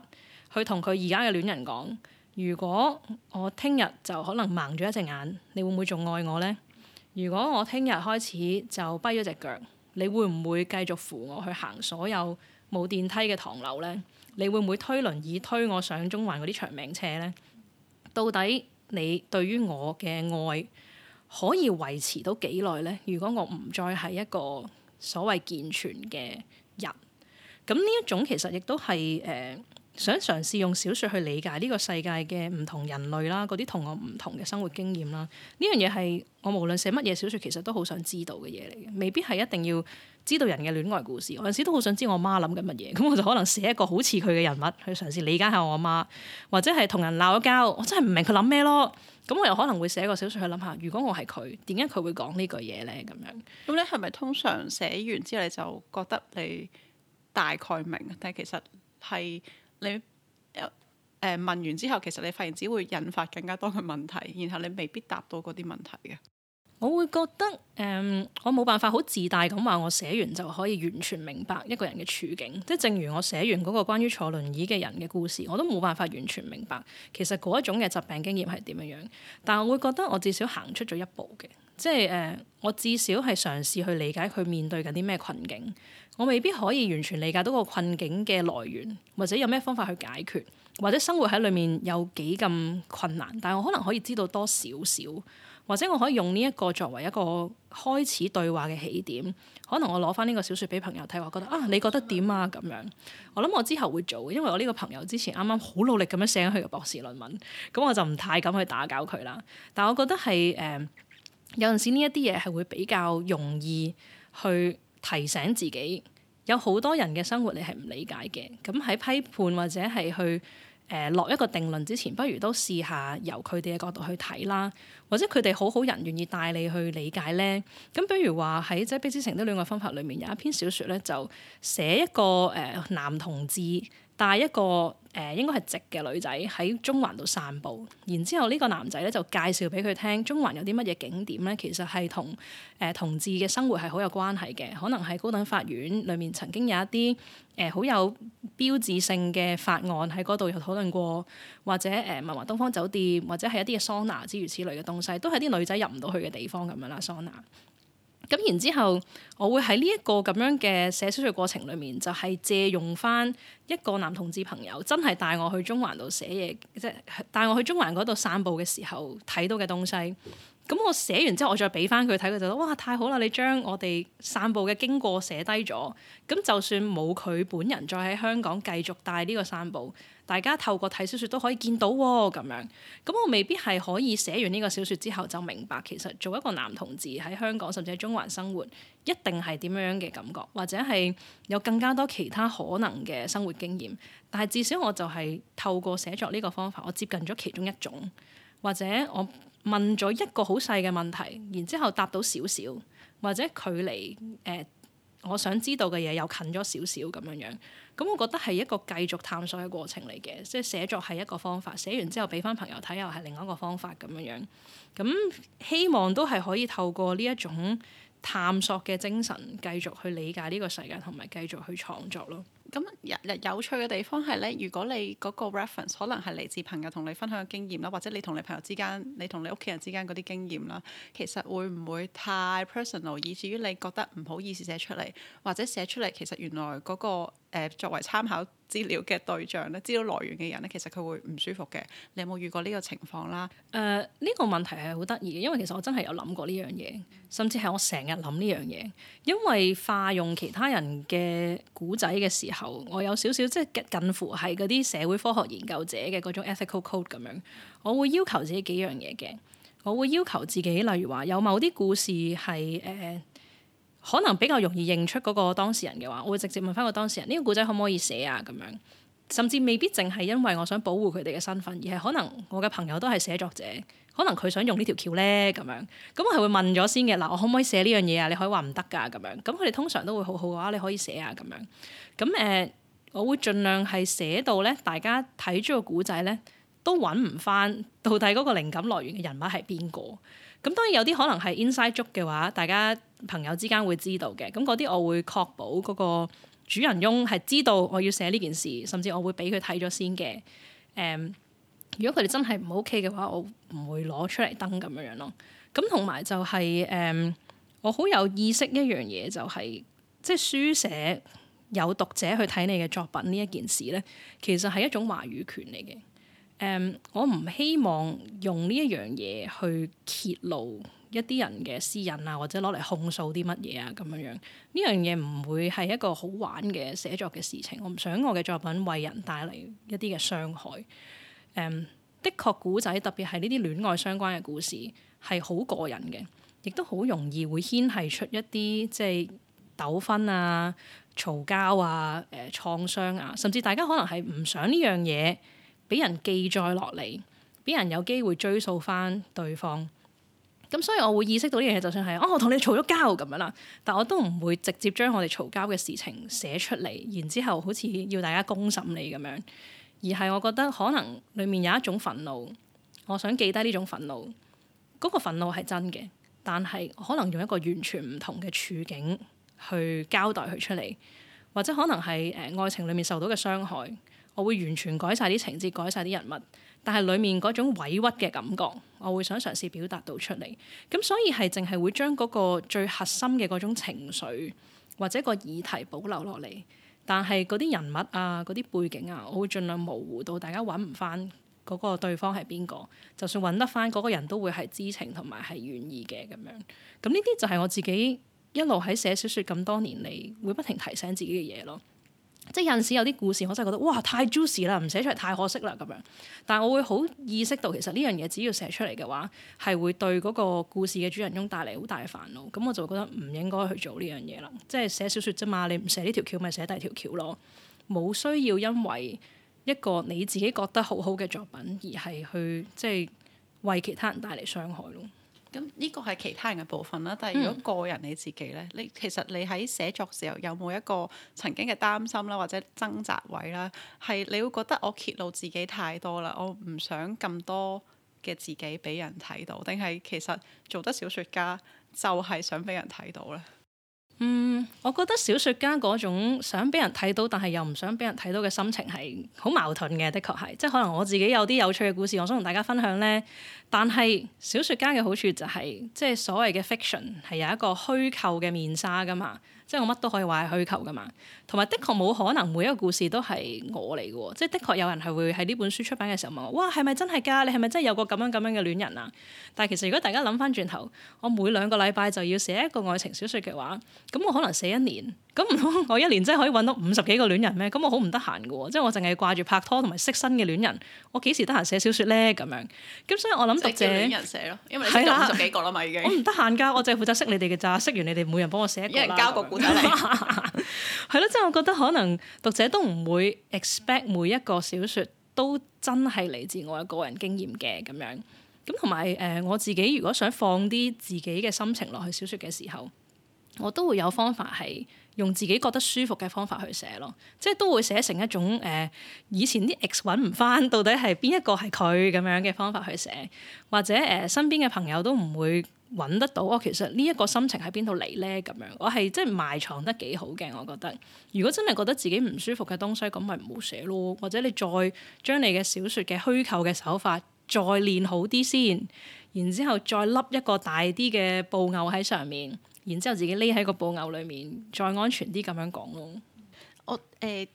去同佢而家嘅戀人講：如果我聽日就可能盲咗一隻眼，你會唔會仲愛我呢？如果我聽日開始就跛咗隻腳？你會唔會繼續扶我去行所有冇電梯嘅唐樓呢？你會唔會推輪椅推我上中環嗰啲長命車呢？到底你對於我嘅愛可以維持到幾耐呢？如果我唔再係一個所謂健全嘅人，咁呢一種其實亦都係誒。呃想嘗試用小説去理解呢個世界嘅唔同人類啦，嗰啲同我唔同嘅生活經驗啦，呢樣嘢係我無論寫乜嘢小説，其實都好想知道嘅嘢嚟嘅，未必係一定要知道人嘅戀愛故事。我有陣時都好想知我媽諗緊乜嘢，咁我就可能寫一個好似佢嘅人物去嘗試理解下我媽，或者係同人鬧咗交，我真係唔明佢諗咩咯。咁我又可能會寫一個小説去諗下，如果我係佢，點解佢會講呢句嘢咧？咁樣咁咧，係咪通常寫完之後你就覺得你大概明，但係其實係。你誒、呃、問完之後，其實你發現只會引發更加多嘅問題，然後你未必答到嗰啲問題嘅。我會覺得誒、嗯，我冇辦法好自大咁話，我寫完就可以完全明白一個人嘅處境。即係正如我寫完嗰個關於坐輪椅嘅人嘅故事，我都冇辦法完全明白其實嗰一種嘅疾病經驗係點樣樣。但係我會覺得我至少行出咗一步嘅，即係誒、嗯，我至少係嘗試去理解佢面對緊啲咩困境。我未必可以完全理解到個困境嘅來源，或者有咩方法去解決，或者生活喺裏面有幾咁困難，但係我可能可以知道多少少，或者我可以用呢一個作為一個開始對話嘅起點，可能我攞翻呢個小說俾朋友睇，話，覺得啊，你覺得點啊？咁樣，我諗我之後會做，因為我呢個朋友之前啱啱好努力咁樣寫緊佢嘅博士論文，咁我就唔太敢去打攪佢啦。但係我覺得係誒、呃、有陣時呢一啲嘢係會比較容易去。提醒自己，有好多人嘅生活你係唔理解嘅。咁喺批判或者係去誒落、呃、一個定論之前，不如都試下由佢哋嘅角度去睇啦，或者佢哋好好人願意帶你去理解咧。咁比如話，喺《擠迫之城》的戀愛方法裏面有一篇小說咧，就寫一個誒、呃、男同志。帶一個誒、呃，應該係直嘅女仔喺中環度散步，然之後呢個男仔咧就介紹俾佢聽，中環有啲乜嘢景點咧，其實係同誒同志嘅生活係好有關係嘅。可能係高等法院裏面曾經有一啲誒好有標誌性嘅法案喺嗰度又討論過，或者誒、呃、文華東方酒店或者係一啲嘅桑拿之如此類嘅東西，都係啲女仔入唔到去嘅地方咁樣啦。桑拿。咁然之後，我會喺呢一個咁樣嘅寫小說嘅過程裏面，就係借用翻一個男同志朋友，真係帶我去中環度寫嘢，即係帶我去中環嗰度散步嘅時候睇到嘅東西。咁我寫完之後，我再俾翻佢睇，佢就覺得：哇，太好啦！你將我哋散步嘅經過寫低咗。咁就算冇佢本人再喺香港繼續帶呢個散步。大家透過睇小説都可以見到喎、哦，咁樣，咁我未必係可以寫完呢個小説之後就明白，其實做一個男同志喺香港甚至喺中環生活，一定係點樣嘅感覺，或者係有更加多其他可能嘅生活經驗。但係至少我就係透過寫作呢個方法，我接近咗其中一種，或者我問咗一個好細嘅問題，然之後答到少少，或者距離誒。呃我想知道嘅嘢又近咗少少咁樣樣，咁我覺得係一個繼續探索嘅過程嚟嘅，即係寫作係一個方法，寫完之後俾翻朋友睇又係另一個方法咁樣樣，咁希望都係可以透過呢一種探索嘅精神，繼續去理解呢個世界同埋繼續去創作咯。咁有有有趣嘅地方係咧，如果你嗰個 reference 可能係嚟自朋友同你分享嘅經驗啦，或者你同你朋友之間，你同你屋企人之間嗰啲經驗啦，其實會唔會太 personal，以至於你覺得唔好意思寫出嚟，或者寫出嚟其實原來、嗰個誒、呃、作為參考資料嘅對象咧，資料來源嘅人咧，其實佢會唔舒服嘅？你有冇遇過呢個情況啦？誒呢、呃呢個問題係好得意嘅，因為其實我真係有諗過呢樣嘢，甚至係我成日諗呢樣嘢，因為化用其他人嘅古仔嘅時候。我有少少即係近乎係嗰啲社會科學研究者嘅嗰種 ethical code 咁樣，我會要求自己幾樣嘢嘅，我會要求自己，例如話有某啲故事係誒、呃、可能比較容易認出嗰個當事人嘅話，我會直接問翻個當事人，呢、這個故仔可唔可以寫啊？咁樣，甚至未必淨係因為我想保護佢哋嘅身份，而係可能我嘅朋友都係寫作者。可能佢想用呢條橋咧，咁樣，咁我係會問咗先嘅。嗱，我可唔可以寫呢樣嘢啊？你可以話唔得噶咁樣。咁佢哋通常都會好好嘅話，你可以寫啊咁樣。咁誒、呃，我會盡量係寫到咧，大家睇咗個古仔咧，都揾唔翻到底嗰個靈感來源嘅人物係邊個。咁當然有啲可能係 inside joke 嘅話，大家朋友之間會知道嘅。咁嗰啲我會確保嗰個主人翁係知道我要寫呢件事，甚至我會俾佢睇咗先嘅。誒、嗯。如果佢哋真係唔 OK 嘅話，我唔會攞出嚟登咁樣樣咯。咁同埋就係、是、誒、嗯，我好有意識一樣嘢，就是，就係即係書寫有讀者去睇你嘅作品呢一件事呢，其實係一種話語權嚟嘅。誒、嗯，我唔希望用呢一樣嘢去揭露一啲人嘅私隱啊，或者攞嚟控訴啲乜嘢啊咁樣樣。呢樣嘢唔會係一個好玩嘅寫作嘅事情。我唔想我嘅作品為人帶嚟一啲嘅傷害。Um, 的確古仔特別係呢啲戀愛相關嘅故事係好過癮嘅，亦都好容易會牽係出一啲即係糾紛啊、嘈交啊、誒、呃、創傷啊，甚至大家可能係唔想呢樣嘢俾人記載落嚟，俾人有機會追溯翻對方。咁所以，我會意識到呢樣嘢，就算係哦、啊，我同你嘈咗交咁樣啦，但我都唔會直接將我哋嘈交嘅事情寫出嚟，然之後好似要大家公審你咁樣。而係我覺得可能裡面有一種憤怒，我想記低呢種憤怒，嗰個憤怒係真嘅，但係可能用一個完全唔同嘅處境去交代佢出嚟，或者可能係誒愛情裡面受到嘅傷害，我會完全改晒啲情節，改晒啲人物，但係裡面嗰種委屈嘅感覺，我會想嘗試表達到出嚟。咁所以係淨係會將嗰個最核心嘅嗰種情緒或者個議題保留落嚟。但係嗰啲人物啊，嗰啲背景啊，我會盡量模糊到大家揾唔翻嗰個對方係邊個。就算揾得翻嗰個人都會係知情同埋係願意嘅咁樣。咁呢啲就係我自己一路喺寫小說咁多年嚟會不停提醒自己嘅嘢咯。即係有陣時有啲故事，我真係覺得哇太 juicy 啦，唔寫出嚟太可惜啦咁樣。但係我會好意識到，其實呢樣嘢只要寫出嚟嘅話，係會對嗰個故事嘅主人翁帶嚟好大嘅煩惱。咁我就覺得唔應該去做呢樣嘢啦。即係寫小説啫嘛，你唔寫呢條橋咪寫第二條橋咯。冇需要因為一個你自己覺得好好嘅作品而係去即係為其他人帶嚟傷害咯。咁呢個係其他人嘅部分啦，但係如果個人你自己咧，你其實你喺寫作時候有冇一個曾經嘅擔心啦，或者掙扎位啦，係你會覺得我揭露自己太多啦，我唔想咁多嘅自己俾人睇到，定係其實做得小説家就係想俾人睇到咧？嗯，我覺得小説家嗰種想俾人睇到，但係又唔想俾人睇到嘅心情係好矛盾嘅，的確係，即係可能我自己有啲有趣嘅故事，我想同大家分享呢。但係小説家嘅好處就係，即係所謂嘅 fiction 係有一個虛構嘅面紗㗎嘛，即係我乜都可以話係虛構㗎嘛。同埋的確冇可能每一個故事都係我嚟嘅喎，即係的確有人係會喺呢本書出版嘅時候問我：哇，係咪真係㗎？你係咪真係有個咁樣咁樣嘅戀人啊？但係其實如果大家諗翻轉頭，我每兩個禮拜就要寫一個愛情小説嘅話，咁我可能寫一年，咁唔通我一年真係可以揾到五十幾個戀人咩？咁我好唔得閒嘅喎，即係我淨係掛住拍拖同埋識新嘅戀人，我幾時得閒寫小説咧？咁樣，咁所以我諗讀者係啦，人因為五十幾個啦嘛已經，我唔得閒㗎，我淨係負責識你哋嘅咋， 識完你哋每人幫我寫一個啦，係咯，即係。我覺得可能讀者都唔會 expect 每一個小說都真係嚟自我嘅個人經驗嘅咁樣，咁同埋誒我自己如果想放啲自己嘅心情落去小說嘅時候，我都會有方法係。用自己覺得舒服嘅方法去寫咯，即係都會寫成一種誒、呃、以前啲 x 揾唔返，到底係邊一個係佢咁樣嘅方法去寫，或者誒、呃、身邊嘅朋友都唔會揾得到。我、哦、其實呢一個心情喺邊度嚟咧？咁樣我係即係埋藏得幾好嘅，我覺得。如果真係覺得自己唔舒服嘅東西，咁咪唔好寫咯。或者你再將你嘅小説嘅虛構嘅手法再練好啲先，然之後再笠一個大啲嘅布偶喺上面。然之後自己匿喺個布偶裏面，再安全啲咁樣講咯，呃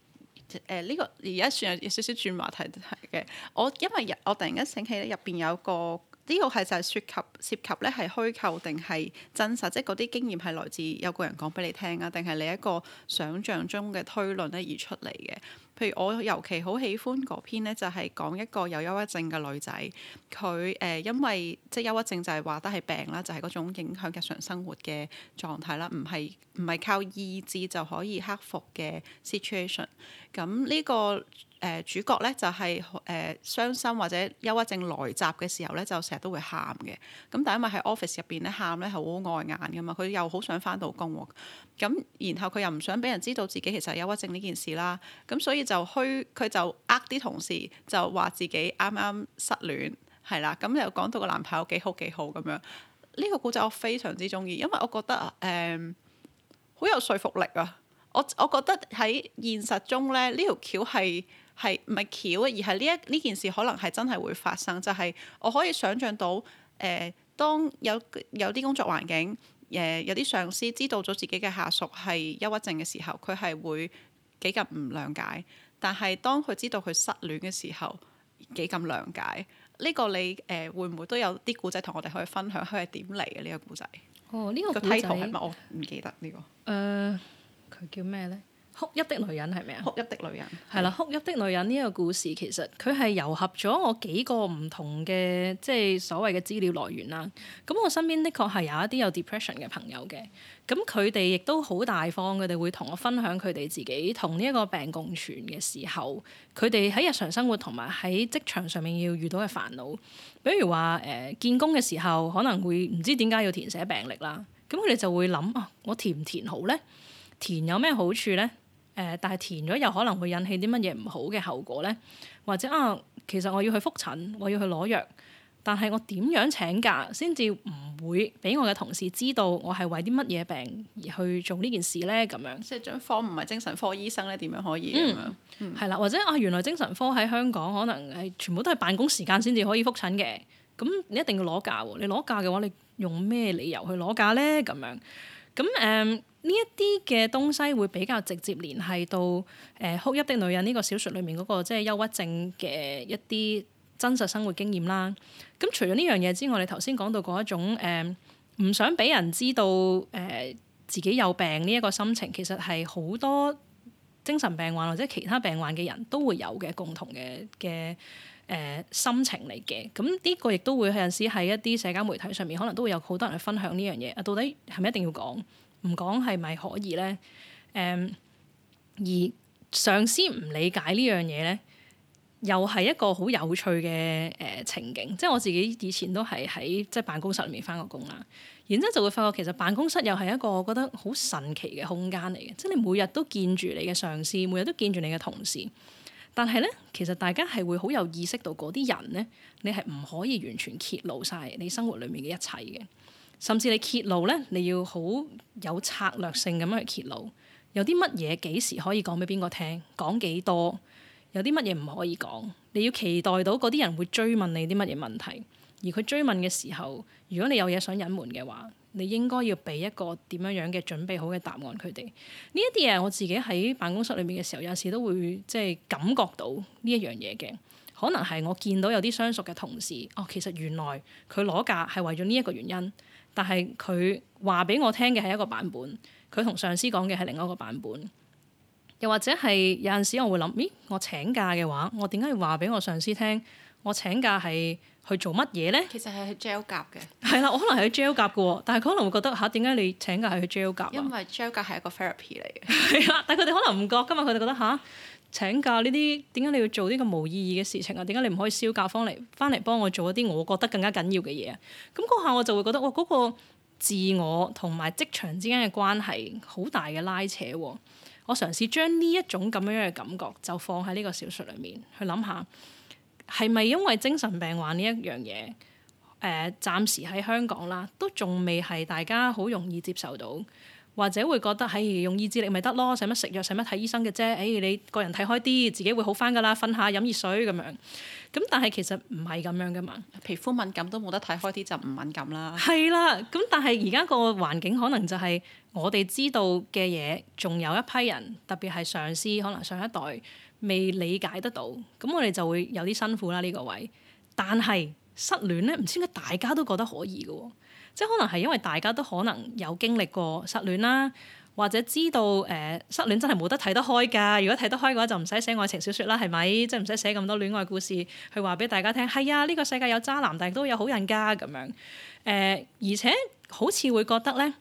呃這個。我誒誒呢個而家算係有少少轉話題嘅。我因為入我突然間醒起咧，入邊有個呢個係就係涉及涉及咧係虛構定係真實，即係嗰啲經驗係來自有個人講俾你聽啊，定係你一個想像中嘅推論咧而出嚟嘅。譬如我尤其好喜歡嗰篇呢，就係、是、講一個有憂鬱症嘅女仔，佢誒、呃、因為即係憂鬱症就係話得係病啦，就係、是、嗰種影響日常生活嘅狀態啦，唔係唔係靠意志就可以克服嘅 situation。咁、嗯、呢、這個誒、呃、主角咧就係、是、誒、呃、傷心或者憂鬱症來襲嘅時候咧，就成日都會喊嘅。咁但係因為喺 office 入邊咧喊咧係好礙眼噶嘛，佢又好想翻到工咁，然後佢又唔想俾人知道自己其實憂鬱症呢件事啦，咁、嗯、所以就虛佢就呃啲同事就話自己啱啱失戀係啦，咁、嗯、又講到個男朋友幾好幾好咁樣。呢、這個故仔我非常之中意，因為我覺得誒、呃、好有說服力啊。我我覺得喺現實中咧呢條橋係。係唔係巧？而係呢一呢件事可能係真係會發生，就係，我可以想象到，誒，當有有啲工作環境，誒，有啲上司知道咗自己嘅下屬係憂鬱症嘅時候，佢係會幾咁唔諒解；但係當佢知道佢失戀嘅時候，幾咁諒解。呢個你誒，會唔會都有啲故仔同我哋可以分享？佢係點嚟嘅呢個故仔？哦，呢個個係咪？我唔記得呢個。誒，佢叫咩呢？哭泣的女人係咩？啊？哭泣的女人係啦，哭泣的、的女人呢一個故事其實佢係糅合咗我幾個唔同嘅即係所謂嘅資料來源啦。咁我身邊的確係有一啲有 depression 嘅朋友嘅，咁佢哋亦都好大方，佢哋會同我分享佢哋自己同呢一個病共存嘅時候，佢哋喺日常生活同埋喺職場上面要遇到嘅煩惱，比如話誒見工嘅時候可能會唔知點解要填寫病歷啦，咁佢哋就會諗啊，我填唔填好咧？填有咩好處咧？誒、呃，但係填咗又可能會引起啲乜嘢唔好嘅後果咧？或者啊，其實我要去覆診，我要去攞藥，但係我點樣請假先至唔會俾我嘅同事知道我係為啲乜嘢病而去做呢件事咧？咁樣即係張科唔係精神科醫生咧，點樣可以咁樣？係啦，或者啊，原來精神科喺香港可能係全部都係辦公時間先至可以覆診嘅。咁你一定要攞假喎，你攞假嘅話，話，你用咩理由去攞假咧？咁樣咁誒。呢一啲嘅東西會比較直接聯繫到誒、呃《哭泣的女人》呢、這個小説裏面嗰、那個即係、就是、憂鬱症嘅一啲真實生活經驗啦。咁除咗呢樣嘢之外，你頭先講到嗰一種誒唔、呃、想俾人知道誒、呃、自己有病呢一個心情，其實係好多精神病患或者其他病患嘅人都會有嘅共同嘅嘅誒心情嚟嘅。咁呢個亦都會有陣時喺一啲社交媒體上面，可能都會有好多人去分享呢樣嘢。啊，到底係咪一定要講？唔講係咪可以呢？誒、嗯、而上司唔理解呢樣嘢呢，又係一個好有趣嘅誒、呃、情景。即係我自己以前都係喺即係辦公室裡面返過工啦，然之後就會發覺其實辦公室又係一個我覺得好神奇嘅空間嚟嘅。即係你每日都見住你嘅上司，每日都見住你嘅同事，但係呢，其實大家係會好有意識到嗰啲人呢，你係唔可以完全揭露晒你生活裡面嘅一切嘅。甚至你揭露咧，你要好有策略性咁樣去揭露，有啲乜嘢幾時可以講俾邊個聽，講幾多，有啲乜嘢唔可以講，你要期待到嗰啲人會追問你啲乜嘢問題，而佢追問嘅時候，如果你有嘢想隱瞞嘅話，你應該要俾一個點樣樣嘅準備好嘅答案佢哋。呢一啲嘢我自己喺辦公室裏邊嘅時候，有時都會即係、就是、感覺到呢一樣嘢嘅，可能係我見到有啲相熟嘅同事，哦，其實原來，佢攞假係為咗呢一個原因。但係佢話俾我聽嘅係一個版本，佢同上司講嘅係另外一個版本。又或者係有陣時我會諗，咦？我請假嘅話，我點解要話俾我上司聽？我請假係去做乜嘢呢？其實係去 gel 甲嘅。係啦，我可能係去 gel 甲㗎喎，但係佢可能會覺得吓，點解你請假係去 gel 甲？因為 gel 甲係一個 therapy 嚟嘅。係啦， 但係佢哋可能唔覺㗎嘛，佢哋覺得吓。得」請假呢啲，點解你要做呢個冇意義嘅事情啊？點解你唔可以銷假方嚟返嚟幫我做一啲我覺得更加緊要嘅嘢啊？咁嗰下我就會覺得哇，嗰、哦，嗰個自我同埋職場之間嘅關係好大嘅拉扯喎、哦。我嘗試將呢一種咁樣嘅感覺就放喺呢個小説裏面去諗下，係咪因為精神病患呢一樣嘢？誒、呃，暫時喺香港啦，都仲未係大家好容易接受到。或者會覺得，唉，用意志力咪得咯，使乜食藥，使乜睇醫生嘅啫。唉，你個人睇開啲，自己會好翻噶啦，瞓下飲熱水咁樣。咁但係其實唔係咁樣噶嘛，皮膚敏感都冇得睇開啲就唔敏感啦。係啦，咁但係而家個環境可能就係我哋知道嘅嘢，仲有一批人，特別係上司，可能上一代未理解得到。咁我哋就會有啲辛苦啦呢個位。但係失戀咧，唔知點解大家都覺得可以嘅喎。即係可能係因為大家都可能有經歷過失戀啦，或者知道誒、呃、失戀真係冇得睇得開㗎。如果睇得開嘅話，就唔使寫愛情小説啦，係咪？即係唔使寫咁多戀愛故事去話俾大家聽。係啊，呢、這個世界有渣男，但係都有好人㗎咁樣，誒、呃。而且好似會覺得咧誒、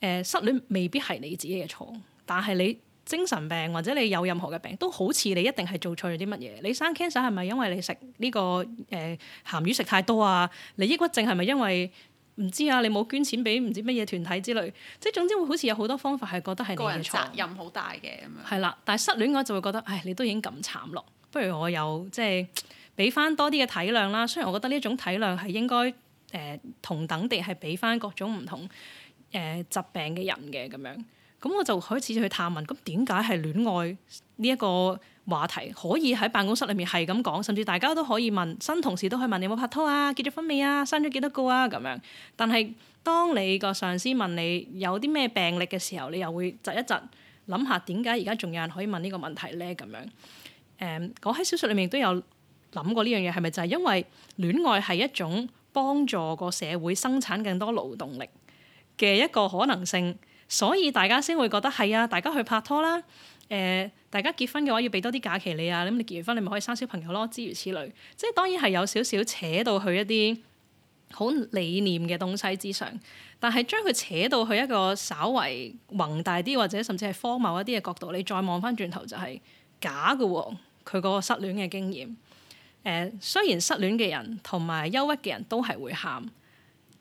呃、失戀未必係你自己嘅錯，但係你精神病或者你有任何嘅病，都好似你一定係做錯咗啲乜嘢。你生 cancer 係咪因為你食呢、這個誒、呃、鹹魚食太多啊？你抑鬱症係咪因為？唔知啊，你冇捐錢俾唔知乜嘢團體之類，即係總之會好似有好多方法係覺得係你嘅錯，責任好大嘅咁樣。係啦，但係失戀我就會覺得，唉，你都已經咁慘咯，不如我有即係俾翻多啲嘅體諒啦。雖然我覺得呢種體諒係應該誒、呃、同等地係俾翻各種唔同誒、呃、疾病嘅人嘅咁樣。咁我就開始去探問，咁點解係戀愛呢、這、一個？話題可以喺辦公室裏面係咁講，甚至大家都可以問新同事都可以問你有冇拍拖啊、結咗婚未啊、生咗幾多個啊咁樣。但係當你個上司問你有啲咩病歷嘅時候，你又會窒一窒，諗下點解而家仲有人可以問呢個問題呢？咁樣。誒、嗯，我喺小説裏面都有諗過呢樣嘢，係咪就係因為戀愛係一種幫助個社會生產更多勞動力嘅一個可能性，所以大家先會覺得係啊，大家去拍拖啦。誒、呃，大家結婚嘅話，要俾多啲假期你啊！咁、嗯、你結完婚，你咪可以生小朋友咯，諸如此類。即係當然係有少少扯到去一啲好理念嘅東西之上，但係將佢扯到去一個稍為宏大啲，或者甚至係荒謬一啲嘅角度，你再望翻轉頭就係假嘅。佢嗰個失戀嘅經驗，誒、呃，雖然失戀嘅人同埋憂鬱嘅人都係會喊，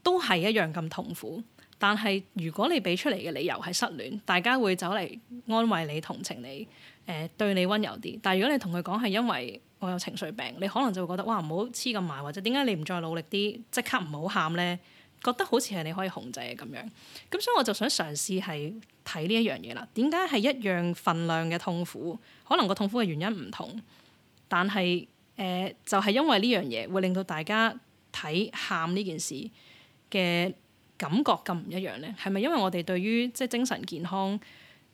都係一樣咁痛苦。但係如果你俾出嚟嘅理由係失戀，大家會走嚟安慰你、同情你，誒、呃、對你温柔啲。但係如果你同佢講係因為我有情緒病，你可能就會覺得哇，唔好黐咁埋，或者點解你唔再努力啲，即刻唔好喊呢？覺得好似係你可以控制嘅咁樣。咁所以我就想嘗試係睇呢一樣嘢啦。點解係一樣份量嘅痛苦，可能個痛苦嘅原因唔同，但係誒、呃、就係、是、因為呢樣嘢會令到大家睇喊呢件事嘅，感覺咁唔一樣呢？係咪因為我哋對於即係、就是、精神健康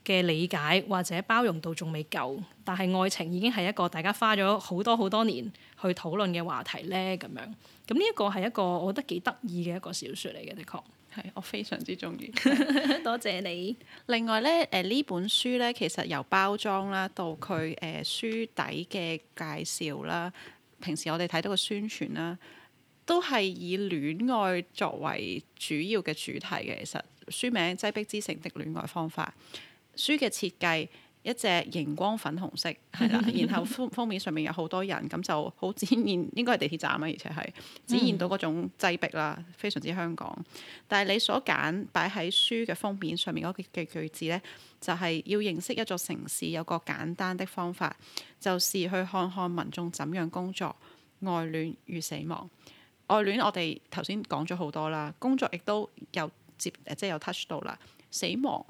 嘅理解或者包容度仲未夠？但係愛情已經係一個大家花咗好多好多年去討論嘅話題呢？咁樣咁呢一個係一個我覺得幾得意嘅一個小説嚟嘅，的確係我非常之中意。 多謝你。另外呢，誒、呃、呢本書呢，其實由包裝啦到佢誒、呃、書底嘅介紹啦，平時我哋睇到嘅宣傳啦。都係以戀愛作為主要嘅主題嘅，其實書名《擠迫之城的戀愛方法》書嘅設計，一隻熒光粉紅色係啦， 然後封封面上面有好多人，咁就好展現應該係地鐵站啊，而且係展現到嗰種擠迫啦， 非常之香港。但係你所揀擺喺書嘅封面上面嗰句句子呢，就係、是、要認識一座城市有個簡單的方法，就是去看看民眾怎樣工作、愛戀與死亡。愛戀我哋頭先講咗好多啦，工作亦都有接，即係有 touch 到啦。死亡，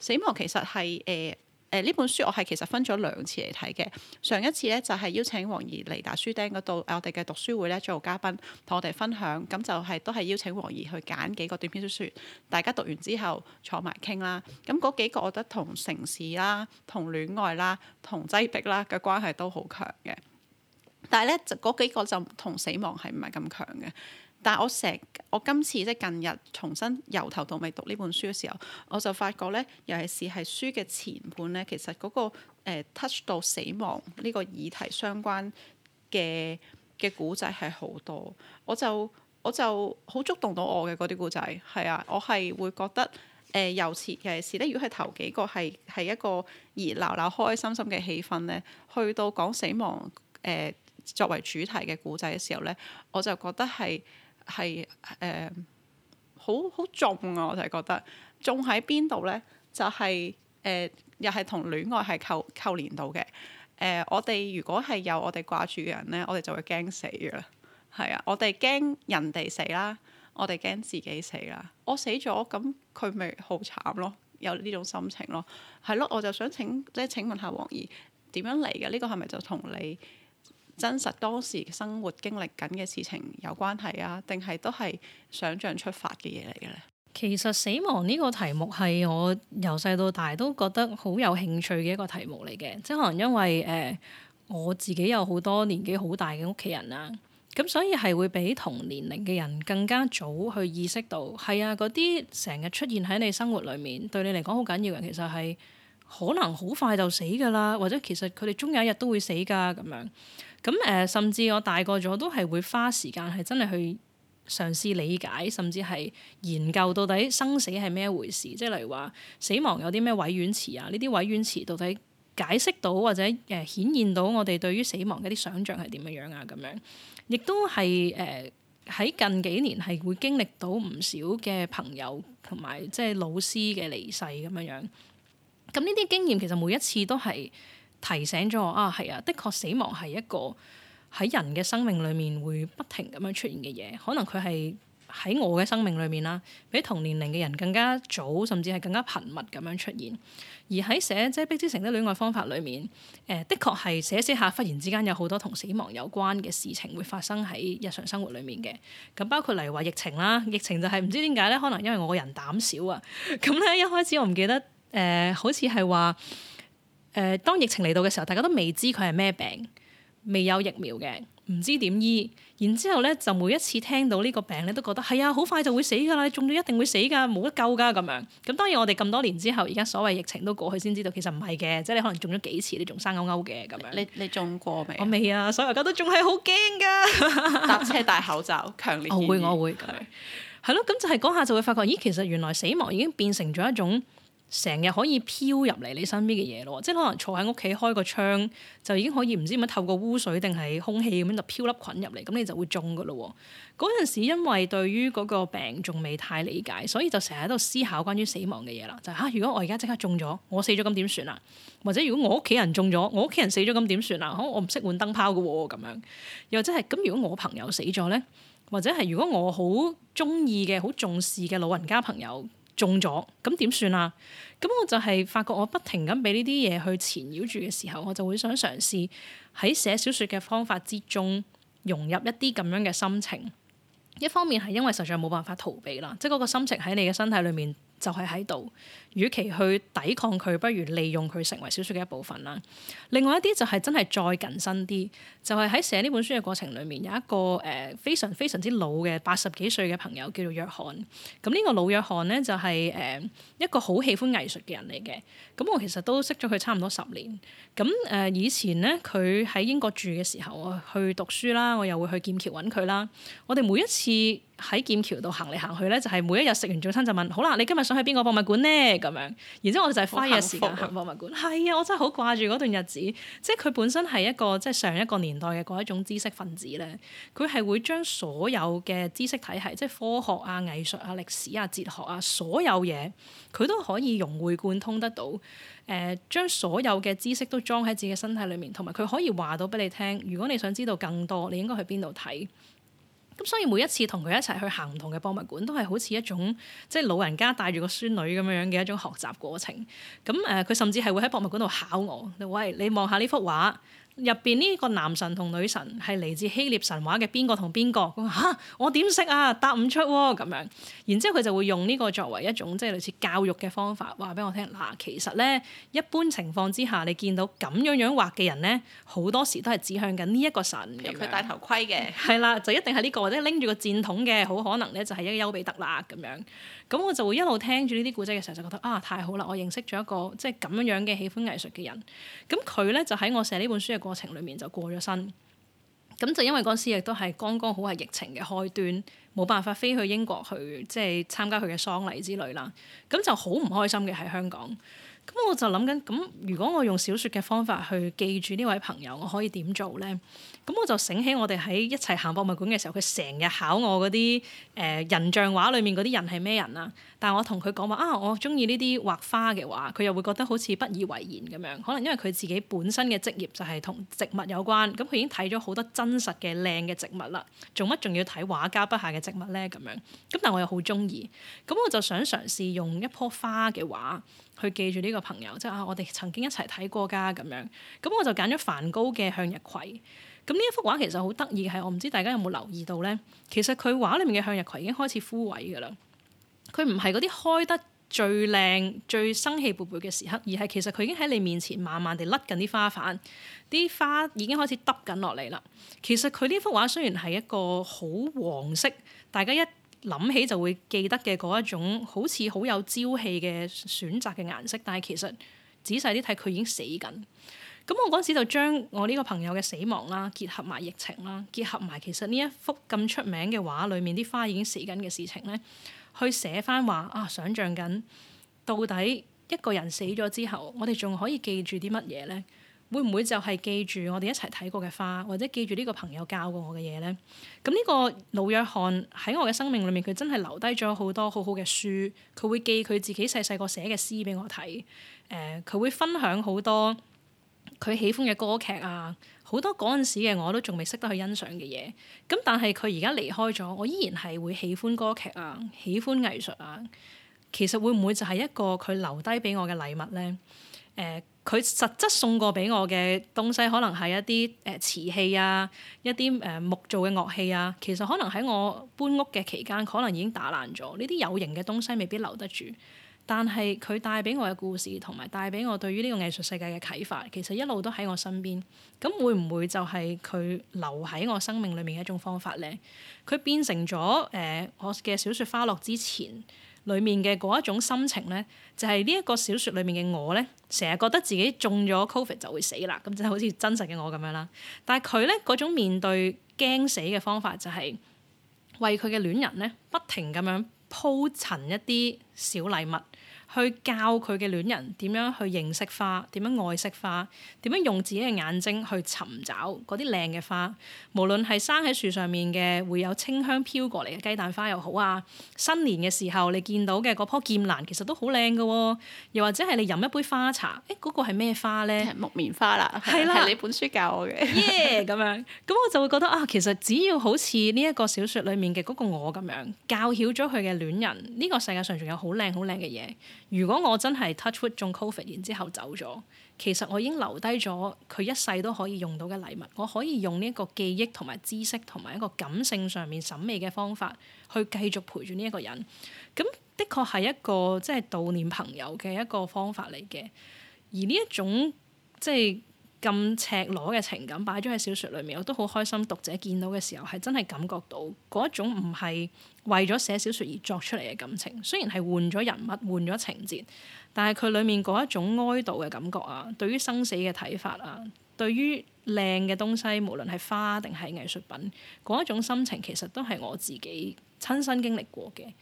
死亡其實係誒誒，呢本書我係其實分咗兩次嚟睇嘅。上一次咧就係、是、邀請黃怡嚟打書釘嗰度、呃，我哋嘅讀書會咧做嘉賓，同我哋分享。咁就係、是、都係邀請黃怡去揀幾個短篇小説，大家讀完之後坐埋傾啦。咁嗰幾個我覺得同城市啦、同戀愛啦、同擠迫啦嘅關係都好強嘅。但係咧，就嗰幾個就同死亡係唔係咁強嘅？但係我成我今次即係近日重新由頭到尾讀呢本書嘅時候，我就發覺咧，尤其是係書嘅前半咧，其實嗰、那個 touch、呃、到死亡呢個議題相關嘅嘅古仔係好多。我就我就好觸動到我嘅嗰啲古仔係啊，我係會覺得誒、呃，尤其是尤其是咧，如果係頭幾個係係一個熱鬧鬧開開心心嘅氣氛咧，去到講死亡誒。呃作為主題嘅故仔嘅時候呢，我就覺得係係誒好好重，重、就是呃呃、啊！我就係覺得重喺邊度呢？就係誒又係同戀愛係扣扣連到嘅，我哋如果係有我哋掛住嘅人呢，我哋就會驚死嘅。係啊，我哋驚人哋死啦，我哋驚自己死啦。我死咗，咁佢咪好慘咯，有呢種心情咯，係咯、啊。我就想請即係請問下黃怡點樣嚟嘅？呢、這個係咪就同你？真實當時生活經歷緊嘅事情有關係啊，定係都係想像出發嘅嘢嚟嘅咧？其實死亡呢個題目係我由細到大都覺得好有興趣嘅一個題目嚟嘅，即係可能因為誒、呃、我自己有好多年紀好大嘅屋企人啦，咁所以係會比同年齡嘅人更加早去意識到，係啊，嗰啲成日出現喺你生活裡面對你嚟講好緊要嘅，其實係可能好快就死㗎啦，或者其實佢哋終有一日都會死㗎咁樣。咁誒、呃，甚至我大個咗都係會花時間，係真係去嘗試理解，甚至係研究到底生死係咩回事。即係例如話死亡有啲咩委婉詞啊？呢啲委婉詞到底解釋到或者誒、呃、顯現到我哋對於死亡嘅一啲想象係點樣樣啊？咁樣亦都係誒喺近幾年係會經歷到唔少嘅朋友同埋即係老師嘅離世咁樣樣，咁呢啲經驗其實每一次都係。提醒咗我啊，係啊，的確死亡係一個喺人嘅生命裏面會不停咁樣出現嘅嘢。可能佢係喺我嘅生命裏面啦，比同年齡嘅人更加早，甚至係更加頻密咁樣出現。而喺寫《擠迫之城的戀愛方法》裏面，誒、呃、的確係寫寫下忽然之間有好多同死亡有關嘅事情會發生喺日常生活裏面嘅。咁包括嚟話疫情啦，疫情就係唔知點解咧，可能因為我個人膽小啊。咁 咧一開始我唔記得誒、呃、好似係話。誒、呃，當疫情嚟到嘅時候，大家都未知佢係咩病，未有疫苗嘅，唔知點醫。然之後咧，就每一次聽到呢個病咧，都覺得係啊，好、哎、快就會死㗎啦！你中咗一定會死㗎，冇得救㗎咁樣。咁、嗯、當然我哋咁多年之後，而家所謂疫情都過去先知道，其實唔係嘅，即係你可能中咗幾次，你仲生勾勾嘅咁樣。你你中過未？我未啊！所以大家都仲係好驚㗎，搭 車戴口罩，強烈啲 我會我會咁樣，係咯的。咁就係嗰下就會發覺，咦，其實原來死亡已經變成咗一種。成日可以漂入嚟你身邊嘅嘢咯，即係可能坐喺屋企開個窗就已經可以唔知點樣透過污水定係空氣咁樣就漂粒菌入嚟，咁你就會中㗎咯。嗰陣時因為對於嗰個病仲未太理解，所以就成日喺度思考關於死亡嘅嘢啦。就嚇、是啊，如果我而家即刻中咗，我死咗咁點算啊？或者如果我屋企人中咗，我屋企人死咗咁點算啊？可能我唔識換燈泡嘅喎咁樣。又或者係咁，如果我朋友死咗咧，或者係如果我好中意嘅、好重視嘅老人家朋友，中咗咁點算啊？咁我就係發覺我不停咁俾呢啲嘢去纏繞住嘅時候，我就會想嘗試喺寫小說嘅方法之中融入一啲咁樣嘅心情。一方面係因為實在冇辦法逃避啦，即係嗰個心情喺你嘅身體裏面。就係喺度，與其去抵抗佢，不如利用佢成為小説嘅一部分啦。另外一啲就係真係再近身啲，就係喺寫呢本書嘅過程裡面，有一個誒非常非常之老嘅八十幾歲嘅朋友叫做約翰。咁呢個老約翰呢，就係誒一個好喜歡藝術嘅人嚟嘅。咁我其實都識咗佢差唔多十年。咁誒以前呢，佢喺英國住嘅時候，我去讀書啦，我又會去劍橋揾佢啦。我哋每一次。喺劍橋度行嚟行去咧，就係、是、每一日食完早餐就問：好啦，你今日想去邊個博物館咧？咁樣。然之後我哋就花日時間去、啊、博物館。係啊，我真係好掛住嗰段日子。即係佢本身係一個即係上一個年代嘅嗰一種知識分子咧。佢係會將所有嘅知識體系，即係科學啊、藝術啊、歷史啊、哲學啊，所有嘢，佢都可以融會貫通得到。誒、呃，將所有嘅知識都裝喺自己嘅身體裏面，同埋佢可以話到俾你聽。如果你想知道更多，你應該去邊度睇？咁、嗯、所以每一次同佢一齊去行唔同嘅博物館，都係好似一種即係、就是、老人家帶住個孫女咁樣嘅一種學習過程。咁、嗯、誒，佢、呃、甚至係會喺博物館度考我。喂，你望下呢幅畫。入邊呢個男神同女神係嚟自希臘神話嘅邊個同邊個？佢話嚇，我點識啊？答唔出喎咁樣。然之後佢就會用呢個作為一種即係類似教育嘅方法，話俾我聽嗱。其實咧，一般情況之下，你見到咁樣樣畫嘅人咧，好多時都係指向緊呢一個神。佢戴頭盔嘅。係啦樣， 就一定係呢個，或者拎住個箭筒嘅，好可能咧就係一個丘比特啦咁樣。咁我就會一路聽住呢啲故仔嘅時候，就覺得啊，太好啦！我認識咗一個即係咁樣樣嘅喜歡藝術嘅人。咁佢咧就喺我寫呢本書嘅過程裡面就過咗身。咁就因為嗰時亦都係剛剛好係疫情嘅開端，冇辦法飛去英國去即係參加佢嘅喪禮之類啦。咁就好唔開心嘅喺香港。咁我就諗緊，咁如果我用小説嘅方法去記住呢位朋友，我可以點做咧？咁我就醒起我哋喺一齊行博物館嘅時候，佢成日考我嗰啲誒人像畫裏面嗰啲人係咩人啊？但係我同佢講話啊，我中意呢啲畫花嘅畫，佢又會覺得好似不以為然咁樣。可能因為佢自己本身嘅職業就係同植物有關，咁佢已經睇咗好多真實嘅靚嘅植物啦，做乜仲要睇畫家筆下嘅植物咧？咁樣咁，但我又好中意，咁我就想嘗試用一樖花嘅畫。去記住呢個朋友，即係啊，我哋曾經一齊睇過㗎咁樣。咁我就揀咗梵高嘅向日葵。咁呢一幅畫其實好得意嘅係，我唔知大家有冇留意到咧。其實佢畫裡面嘅向日葵已經開始枯萎㗎啦。佢唔係嗰啲開得最靚、最生氣勃勃嘅時刻，而係其實佢已經喺你面前慢慢地甩緊啲花瓣，啲花已經開始耷緊落嚟啦。其實佢呢幅畫雖然係一個好黃色，大家一諗起就會記得嘅嗰一種好似好有朝氣嘅選擇嘅顏色，但係其實仔細啲睇，佢已經死緊。咁我嗰陣時就將我呢個朋友嘅死亡啦，結合埋疫情啦，結合埋其實呢一幅咁出名嘅畫裏面啲花已經死緊嘅事情咧，去寫返話啊，想像緊到底一個人死咗之後，我哋仲可以記住啲乜嘢咧？會唔會就係記住我哋一齊睇過嘅花，或者記住呢個朋友教過我嘅嘢咧？咁呢個老約翰喺我嘅生命裏面，佢真係留低咗好多好好嘅書。佢會記佢自己細細個寫嘅詩俾我睇。誒、呃，佢會分享好多佢喜歡嘅歌劇啊，好多嗰陣時嘅我都仲未識得去欣賞嘅嘢。咁但係佢而家離開咗，我依然係會喜歡歌劇啊，喜歡藝術啊。其實會唔會就係一個佢留低俾我嘅禮物咧？誒、呃。佢實質送過俾我嘅東西，可能係一啲誒、呃、瓷器啊，一啲誒、呃、木造嘅樂器啊。其實可能喺我搬屋嘅期間，可能已經打爛咗。呢啲有形嘅東西未必留得住，但係佢帶俾我嘅故事同埋帶俾我對於呢個藝術世界嘅啟發，其實一路都喺我身邊。咁會唔會就係佢留喺我生命裡面嘅一種方法咧？佢變成咗誒、呃、我嘅小説花落之前裡面嘅嗰一種心情咧，就係呢一個小説裡面嘅我咧，成日覺得自己中咗 COVID 就會死啦，咁就好似真實嘅我咁樣啦。但係佢咧，嗰種面對驚死嘅方法就係為佢嘅戀人咧，不停咁樣鋪陳一啲小禮物。去教佢嘅戀人點樣去認識花，點樣愛惜花，點樣用自己嘅眼睛去尋找嗰啲靚嘅花。無論係生喺樹上面嘅會有清香飄過嚟嘅雞蛋花又好啊，新年嘅時候你見到嘅嗰樖劍蘭其實都好靚嘅喎。又或者係你飲一杯花茶，誒嗰個係咩花咧？木棉花啦，係啦，係你本書教我嘅耶咁樣。咁我就會覺得啊，其實只要好似呢一個小說裡面嘅嗰個我咁樣，教曉咗佢嘅戀人，呢個世界上仲有好靚好靚嘅嘢。如果我真係 touch wood 中 COVID 然之後走咗，其實我已經留低咗佢一世都可以用到嘅禮物。我可以用呢一個記憶同埋知識同埋一個感性上面審美嘅方法，去繼續陪住呢一個人。咁的確係一個即係悼念朋友嘅一個方法嚟嘅。而呢一種即係。咁赤裸嘅情感擺咗喺小説裏面，我都好開心，讀者見到嘅時候係真係感覺到嗰一種唔係為咗寫小説而作出嚟嘅感情。雖然係換咗人物、換咗情節，但係佢裡面嗰一種哀悼嘅感覺啊，對於生死嘅睇法啊，對於靚嘅東西，無論係花定係藝術品，嗰一種心情其實都係我自己親身經歷過嘅，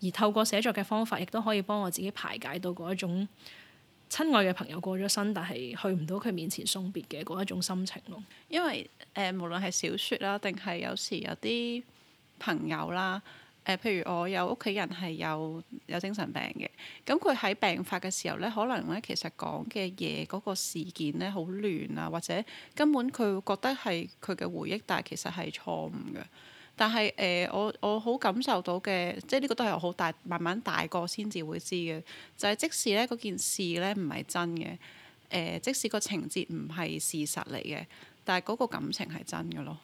而透過寫作嘅方法，亦都可以幫我自己排解到嗰一種。親愛嘅朋友過咗身，但係去唔到佢面前送別嘅嗰一種心情咯。因為誒、呃，無論係小説啦，定係有時有啲朋友啦、呃，譬如我有屋企人係有有精神病嘅，咁佢喺病發嘅時候呢，可能呢其實講嘅嘢嗰個事件呢好亂啊，或者根本佢覺得係佢嘅回憶，但係其實係錯誤嘅。但係誒、呃，我我好感受到嘅，即係呢個都係我好大慢慢大個先至會知嘅，就係、是、即使咧嗰件事咧唔係真嘅，誒、呃，即使個情節唔係事實嚟嘅，但係嗰個感情係真嘅咯。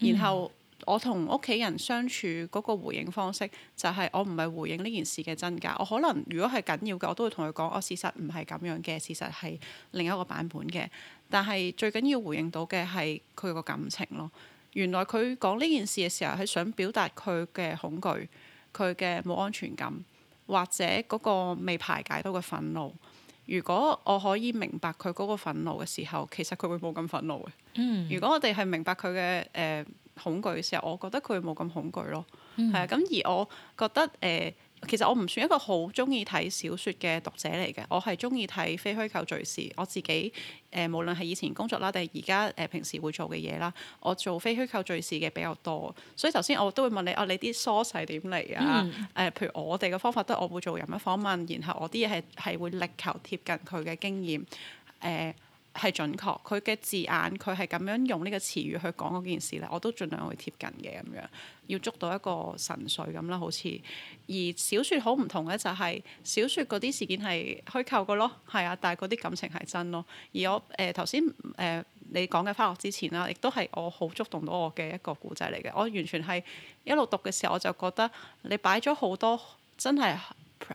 然後、嗯、我同屋企人相處嗰個回應方式，就係、是、我唔係回應呢件事嘅真假，我可能如果係緊要嘅，我都會同佢講，我事實唔係咁樣嘅，事實係另一個版本嘅。但係最緊要回應到嘅係佢個感情咯。原來佢講呢件事嘅時候，係想表達佢嘅恐懼，佢嘅冇安全感，或者嗰個未排解到嘅憤怒。如果我可以明白佢嗰個憤怒嘅時候，其實佢會冇咁憤怒嘅。嗯，如果我哋係明白佢嘅誒恐懼嘅時候，我覺得佢會冇咁恐懼咯。嗯，係啊，咁而我覺得誒。呃其實我唔算一個好中意睇小說嘅讀者嚟嘅，我係中意睇非虛構敍事。我自己誒、呃，無論係以前工作啦，定係而家誒平時會做嘅嘢啦，我做非虛構敍事嘅比較多。所以頭先我都會問你，哦，你啲 source 係點嚟啊？誒、呃，譬如我哋嘅方法都係我會做人物訪問，然後我啲嘢係係會力求貼近佢嘅經驗誒。呃係準確，佢嘅字眼佢係咁樣用呢個詞語去講嗰件事咧，我都盡量會貼近嘅咁樣，要捉到一個神髓咁啦，好似而小説好唔同咧、就係，就係小説嗰啲事件係虛構嘅咯，係啊，但係嗰啲感情係真咯。而我誒頭先誒你講嘅返學之前啦，亦都係我好觸動到我嘅一個故仔嚟嘅。我完全係一路讀嘅時候，我就覺得你擺咗好多真係誒、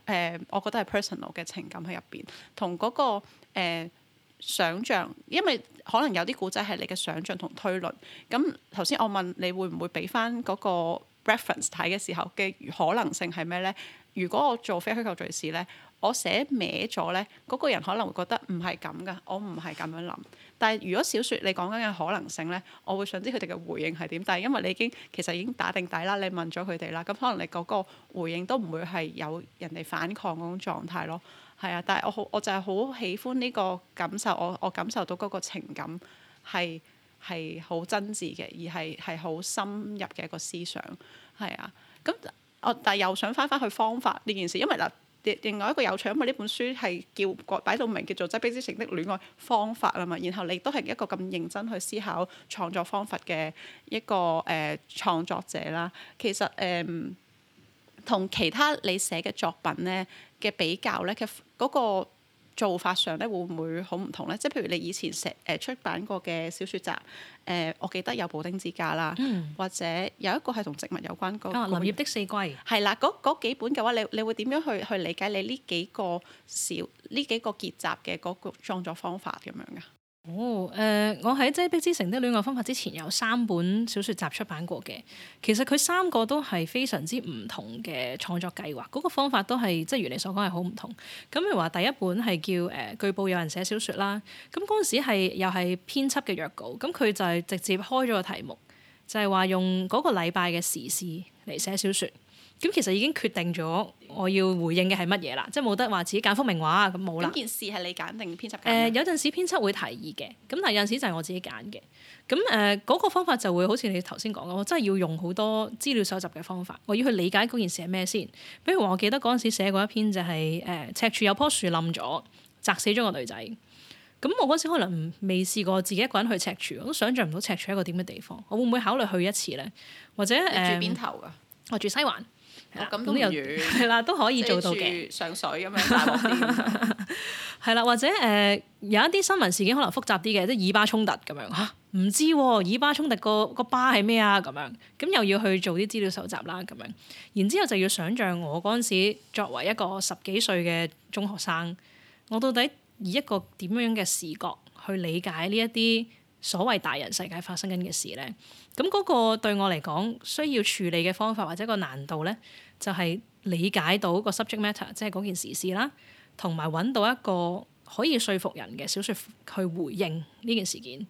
呃，我覺得係 personal 嘅情感喺入邊，同嗰、嗰個、呃想象，因為可能有啲古仔係你嘅想象同推論。咁頭先我問你會唔會俾翻嗰個 reference 睇嘅時候嘅可能性係咩呢？如果我做非虛構敍事呢，我寫歪咗呢，嗰個人可能會覺得唔係咁噶，我唔係咁樣諗。但係如果小説你講緊嘅可能性呢，我會想知佢哋嘅回應係點。但係因為你已經其實已經打定底啦，你問咗佢哋啦，咁可能你嗰個回應都唔會係有人哋反抗嗰種狀態咯。係啊，但係我好，我就係好喜歡呢個感受，我我感受到嗰個情感係係好真摯嘅，而係係好深入嘅一個思想，係啊。咁我但係又想翻返去方法呢件事，因為嗱、啊，另外一個有趣，因為呢本書係叫個擺到明叫做《擠迫之城的戀愛方法》啊嘛，然後你都係一個咁認真去思考創作方法嘅一個誒創、呃、作者啦。其實誒，同、呃、其他你寫嘅作品咧嘅比較咧嘅。嗰個做法上咧會唔會好唔同咧？即係譬如你以前寫誒、呃、出版過嘅小説集，誒、呃、我記得有《補丁之家》啦，或者有一個係同植物有關嘅、啊《林葉的四季》。係啦，嗰幾本嘅話，你你會點樣去去理解你呢幾個小呢幾個結集嘅嗰個創作方法咁樣㗎？哦，誒、呃，我喺《遮迫之城》的戀愛方法之前有三本小説集出版過嘅，其實佢三個都係非常之唔同嘅創作計劃，嗰、那個方法都係即係如你所講係好唔同。咁譬如話第一本係叫誒據、呃、報有人寫小説啦，咁嗰陣時係又係編輯嘅約稿，咁佢就係直接開咗個題目，就係、是、話用嗰個禮拜嘅時事嚟寫小説。咁其實已經決定咗我要回應嘅係乜嘢啦，即係冇得話自己揀幅名畫，咁冇啦。件事係你揀定編輯？誒、呃、有陣時編輯會提議嘅，咁但係有陣時就係我自己揀嘅。咁誒嗰個方法就會好似你頭先講嘅，我真係要用好多資料搜集嘅方法，我要去理解嗰件事係咩先。比如話，我記得嗰陣時寫過一篇就係、是、誒、呃、赤柱有棵樹冧咗，砸死咗個女仔。咁我嗰時可能未試過自己一個人去赤柱，我都想象唔到赤柱係一個點嘅地方。我會唔會考慮去一次咧？或者誒、呃、住邊頭㗎，我住西環。哦，咁都有啦，都可以做到嘅上水咁樣大陸啲，係 啦，或者誒、呃、有一啲新聞事件可能複雜啲嘅，即係以巴衝突咁樣吓，唔知以巴衝突，樣、啊知啊、以巴衝突個個巴係咩啊？咁樣咁又要去做啲資料搜集啦，咁樣然之後就要想像我嗰陣時作為一個十幾歲嘅中學生，我到底以一個點樣嘅視覺去理解呢一啲？所謂大人世界發生緊嘅事咧，咁嗰個對我嚟講需要處理嘅方法或者個難度咧，就係理解到個 subject matter，即係嗰件事事啦，同埋揾到一個可以說服人嘅小説去回應呢件事件。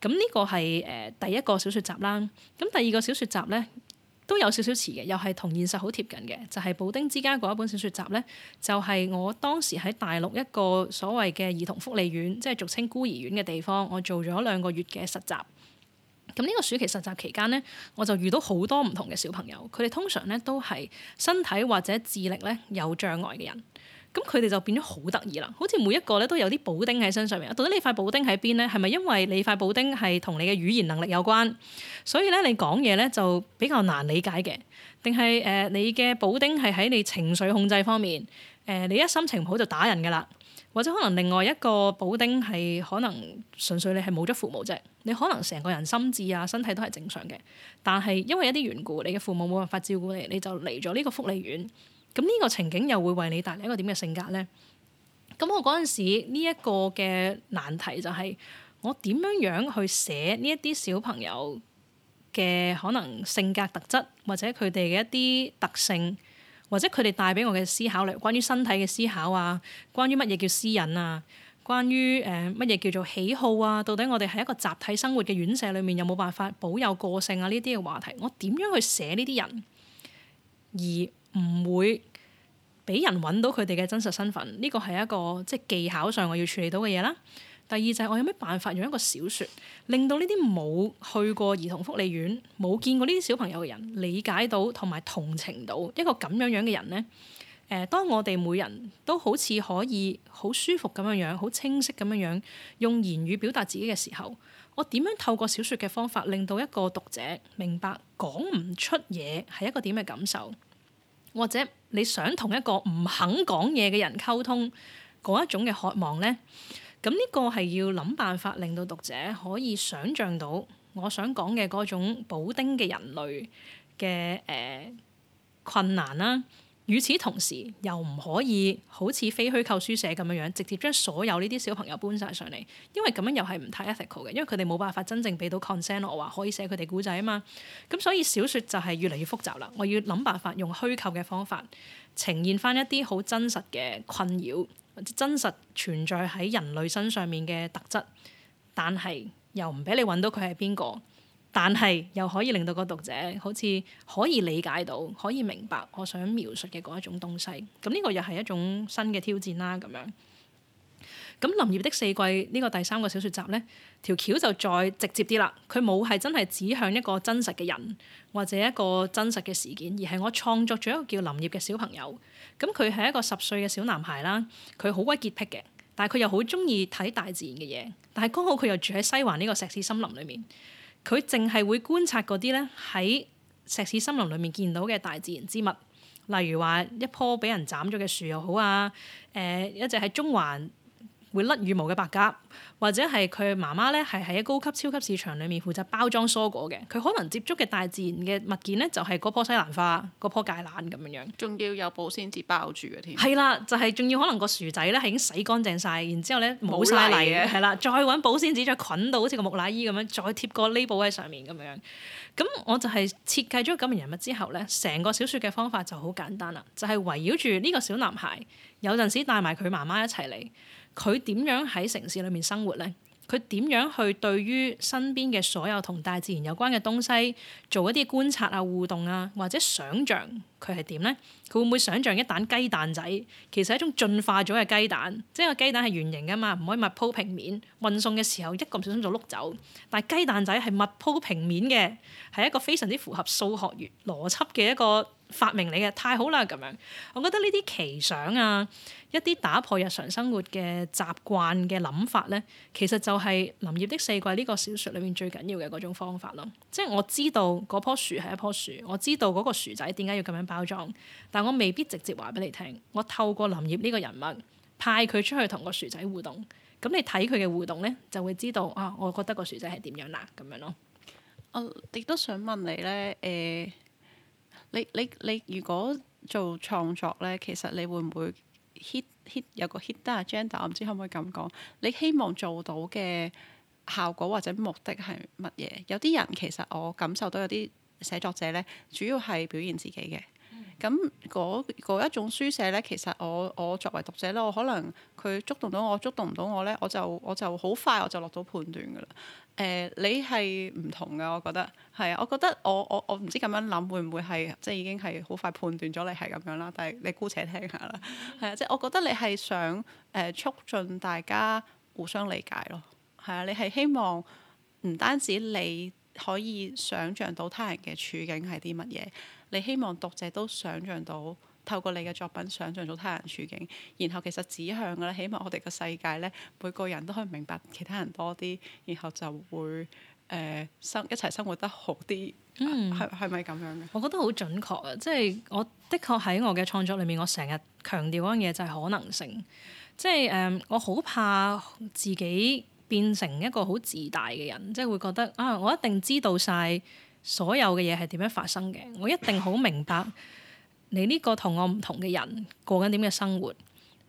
咁呢個係誒、呃、第一個小説集啦。咁第二個小説集咧。都有少少詞嘅，又係同現實好貼近嘅，就係《布丁之家》嗰一本小説集呢，就係我當時喺大陸一個所謂嘅兒童福利院，即係俗稱孤兒院嘅地方，我做咗兩個月嘅實習。咁呢個暑期實習期間呢，我就遇到好多唔同嘅小朋友，佢哋通常呢都係身體或者智力呢有障礙嘅人。咁佢哋就變咗好得意啦，好似每一個咧都有啲補丁喺身上面。到底你塊補丁喺邊呢？係咪因為你塊補丁係同你嘅語言能力有關？所以咧你講嘢咧就比較難理解嘅。定係誒你嘅補丁係喺你情緒控制方面誒、呃，你一心情唔好就打人㗎喇。或者可能另外一個補丁係可能純粹你係冇咗父母啫。你可能成個人心智啊身體都係正常嘅，但係因為一啲緣故，你嘅父母冇辦法照顧你，你就嚟咗呢個福利院。咁呢個情景又會為你帶嚟一個點嘅性格咧？咁我嗰陣時呢一個嘅難題就係我點樣樣去寫呢一啲小朋友嘅可能性格特質，或者佢哋嘅一啲特性，或者佢哋帶俾我嘅思考，例如關於身體嘅思考啊，關於乜嘢叫私隱啊，關於誒乜嘢叫做喜好啊，到底我哋喺一個集體生活嘅院舍裡面有冇辦法保有個性啊？呢啲嘅話題，我點樣去寫呢啲人而？唔會俾人揾到佢哋嘅真實身份，呢個係一個即係、就是、技巧上我要處理到嘅嘢啦。第二就係我有咩辦法用一個小説令到呢啲冇去過兒童福利院、冇見過呢啲小朋友嘅人理解到同埋同情到一個咁樣樣嘅人呢？誒、呃，當我哋每人都好似可以好舒服咁樣樣、好清晰咁樣樣用言語表達自己嘅時候，我點樣透過小説嘅方法令到一個讀者明白講唔出嘢係一個點嘅感受？或者你想同一個唔肯講嘢嘅人溝通嗰一種嘅渴望呢？咁呢個係要諗辦法令到讀者可以想像到我想講嘅嗰種補丁嘅人類嘅誒、呃、困難啦、啊。與此同時，又唔可以好似非虛構書寫咁樣樣，直接將所有呢啲小朋友搬晒上嚟，因為咁樣又係唔太 ethical 嘅，因為佢哋冇辦法真正俾到 consent 咯。我話可以寫佢哋古仔啊嘛，咁所以小説就係越嚟越複雜啦。我要諗辦法用虛構嘅方法呈現翻一啲好真實嘅困擾，真實存在喺人類身上面嘅特質，但係又唔俾你揾到佢係邊個。但係又可以令到個讀者好似可以理解到，可以明白我想描述嘅嗰一種東西。咁呢個又係一種新嘅挑戰啦。咁樣，咁林業的四季呢個第三個小説集呢，條橋就再直接啲啦。佢冇係真係指向一個真實嘅人或者一個真實嘅事件，而係我創作咗一個叫林業嘅小朋友。咁佢係一個十歲嘅小男孩啦。佢好鬼潔癖嘅，但係佢又好中意睇大自然嘅嘢。但係剛好佢又住喺西環呢個石屎森林裡面。佢淨係會觀察嗰啲咧，喺石屎森林裡面見到嘅大自然之物，例如話一棵俾人斬咗嘅樹又好啊，誒、呃、一隻喺中環，會甩羽毛嘅白鴿，或者係佢媽媽咧，係喺高級超級市場裏面負責包裝蔬果嘅。佢可能接觸嘅大自然嘅物件咧，就係嗰棵西蘭花、嗰棵芥蘭咁樣樣。仲要有保鮮紙包住嘅添。係啦，就係仲要可能個薯仔咧係已經洗乾淨晒。然之後咧冇晒泥嘅，係啦，再揾保鮮紙再捆到好似個木乃伊咁樣，再貼個 label 喺上面咁樣。咁我就係設計咗咁樣人物之後咧，成個小説嘅方法就好簡單啦，就係圍繞住呢個小男孩，有陣時帶埋佢媽媽一齊嚟。佢點樣喺城市裏面生活呢？佢點樣去對於身邊嘅所有同大自然有關嘅東西做一啲觀察啊、互動啊，或者想像佢係點呢？佢會唔會想像一旦雞蛋仔其實係一種進化咗嘅雞蛋？即係個雞蛋係圓形㗎嘛，唔可以密鋪平面，運送嘅時候一個唔小心就碌走。但係雞蛋仔係密鋪平面嘅，係一個非常之符合數學邏輯嘅一個發明嚟嘅，太好啦！咁樣，我覺得呢啲奇想啊～一啲打破日常生活嘅習慣嘅諗法咧，其實就係、是《林業的四季》呢、這個小說裏面最緊要嘅嗰種方法咯。即係我知道嗰棵樹係一棵樹，我知道嗰個薯仔點解要咁樣包裝，但我未必直接話俾你聽。我透過林業呢個人物派佢出去同個薯仔互動，咁你睇佢嘅互動咧，就會知道啊。我覺得個薯仔係點樣啦，咁樣咯。我亦、啊、都想問你咧，誒、呃，你你你如果做創作咧，其實你會唔會？hit hit 有個 hit agenda 我唔知可唔可以咁講，你希望做到嘅效果或者目的係乜嘢？有啲人其實我感受到有啲寫作者咧，主要係表現自己嘅。咁嗰一種書寫咧，其實我我作為讀者咧，我可能佢觸動到我，觸動唔到我咧，我就我就好快我就落到判斷㗎喇。誒、呃，你係唔同㗎，我覺得係啊，我覺得我我我唔知咁樣諗會唔會係即係已經係好快判斷咗你係咁樣啦。但係你姑且聽下啦，係啊，即係我覺得你係想誒、呃、促進大家互相理解咯。係啊，你係希望唔單止你可以想像到他人嘅處境係啲乜嘢。你希望讀者都想像到透過你嘅作品想像到他人處境，然後其實指向嘅啦，起碼我哋個世界咧，每個人都可以明白其他人多啲，然後就會誒生、呃、一齊生活得好啲。嗯，係係咪咁樣嘅？我覺得好準確啊！即係我的確喺我嘅創作裏面，我成日強調嗰樣嘢就係可能性。即係誒，我好怕自己變成一個好自大嘅人，即係會覺得啊，我一定知道晒。」所有嘅嘢係點樣發生嘅？我一定好明白你呢個同我唔同嘅人過緊點嘅生活。誒、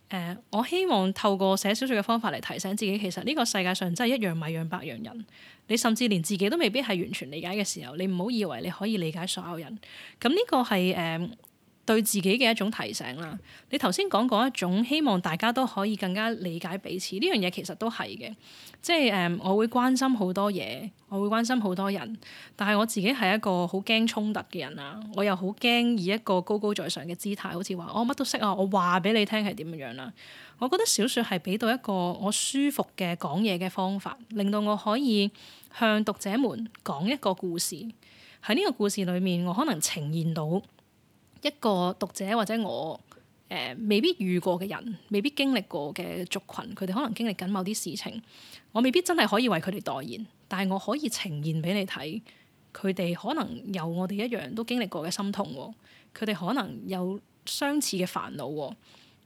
呃，我希望透過寫小説嘅方法嚟提醒自己，其實呢個世界上真係一樣米養百樣人。你甚至連自己都未必係完全理解嘅時候，你唔好以為你可以理解所有人。咁、嗯、呢、這個係誒。呃對自己嘅一種提醒啦。你頭先講過一種希望大家都可以更加理解彼此，呢樣嘢其實都係嘅。即係誒我會關心好多嘢，我會關心好多人，但係我自己係一個好驚衝突嘅人啊！我又好驚以一個高高在上嘅姿態，好似話我乜都識啊，我話俾你聽係點樣樣啦。我覺得小説係俾到一個我舒服嘅講嘢嘅方法，令到我可以向讀者們講一個故事。喺呢個故事裏面，我可能呈現到。一個讀者或者我誒、呃、未必遇過嘅人，未必經歷過嘅族群，佢哋可能經歷緊某啲事情，我未必真係可以為佢哋代言，但係我可以呈現俾你睇，佢哋可能有我哋一樣都經歷過嘅心痛喎，佢哋可能有相似嘅煩惱喎。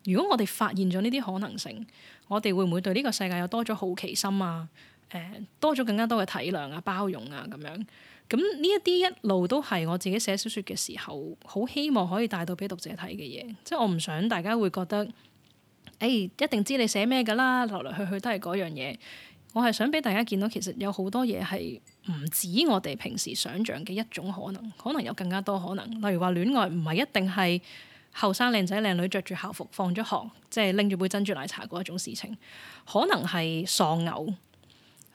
如果我哋發現咗呢啲可能性，我哋會唔會對呢個世界又多咗好奇心啊？誒、呃，多咗更加多嘅體諒啊、包容啊咁樣？咁呢一啲一路都係我自己寫小説嘅時候，好希望可以帶到俾讀者睇嘅嘢。即係我唔想大家會覺得，誒、一定知你寫咩㗎啦，來來去去都係嗰樣嘢。我係想俾大家見到，其實有好多嘢係唔止我哋平時想像嘅一種可能，可能有更加多可能。例如話戀愛唔係一定係後生靚仔靚女着住校服放咗學，即係拎住杯珍珠奶茶嗰一種事情，可能係喪偶。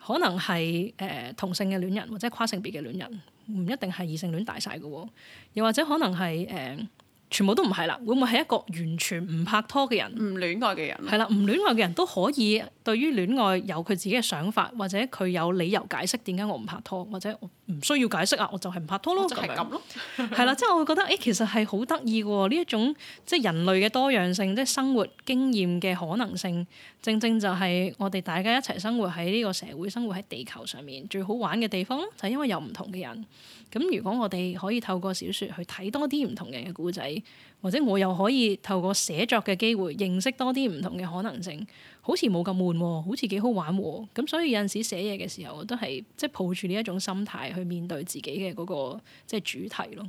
可能係誒、呃、同性嘅戀人，或者跨性別嘅戀人，唔一定係異性戀大晒㗎喎，又或者可能係誒。呃全部都唔係啦，會唔會係一個完全唔拍拖嘅人，唔戀愛嘅人？係啦，唔戀愛嘅人都可以對於戀愛有佢自己嘅想法，或者佢有理由解釋點解我唔拍拖，或者我唔需要解釋啊，我就係唔拍拖咯，就係咁咯。係 啦，即係我會覺得，誒，其實係好得意嘅喎，呢一種即係人類嘅多樣性，即係生活經驗嘅可能性，正正就係我哋大家一齊生活喺呢個社會，生活喺地球上面最好玩嘅地方，就係因為有唔同嘅人。咁如果我哋可以透過小説去睇多啲唔同嘅人嘅故仔，或者我又可以透過寫作嘅機會認識多啲唔同嘅可能性，好似冇咁悶喎，好似幾好玩喎。咁所以有陣時寫嘢嘅時候，我都係即係抱住呢一種心態去面對自己嘅嗰、嗰個即係主題咯。誒、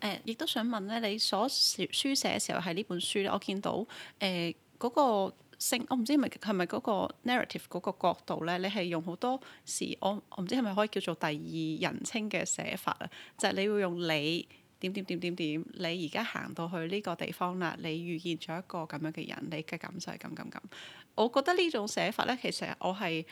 呃，亦都想問咧，你所書寫嘅時候係呢本書咧，我見到誒嗰、呃嗰個性，我、哦、唔知係咪係咪嗰個 narrative 嗰個角度咧，你係用好多時我我唔知係咪可以叫做第二人稱嘅寫法啊？就係、是、你會用你。點點點點點，你而家行到去呢個地方啦，你遇見咗一個咁樣嘅人，你嘅感受係咁咁咁。我覺得呢種寫法呢，其實我係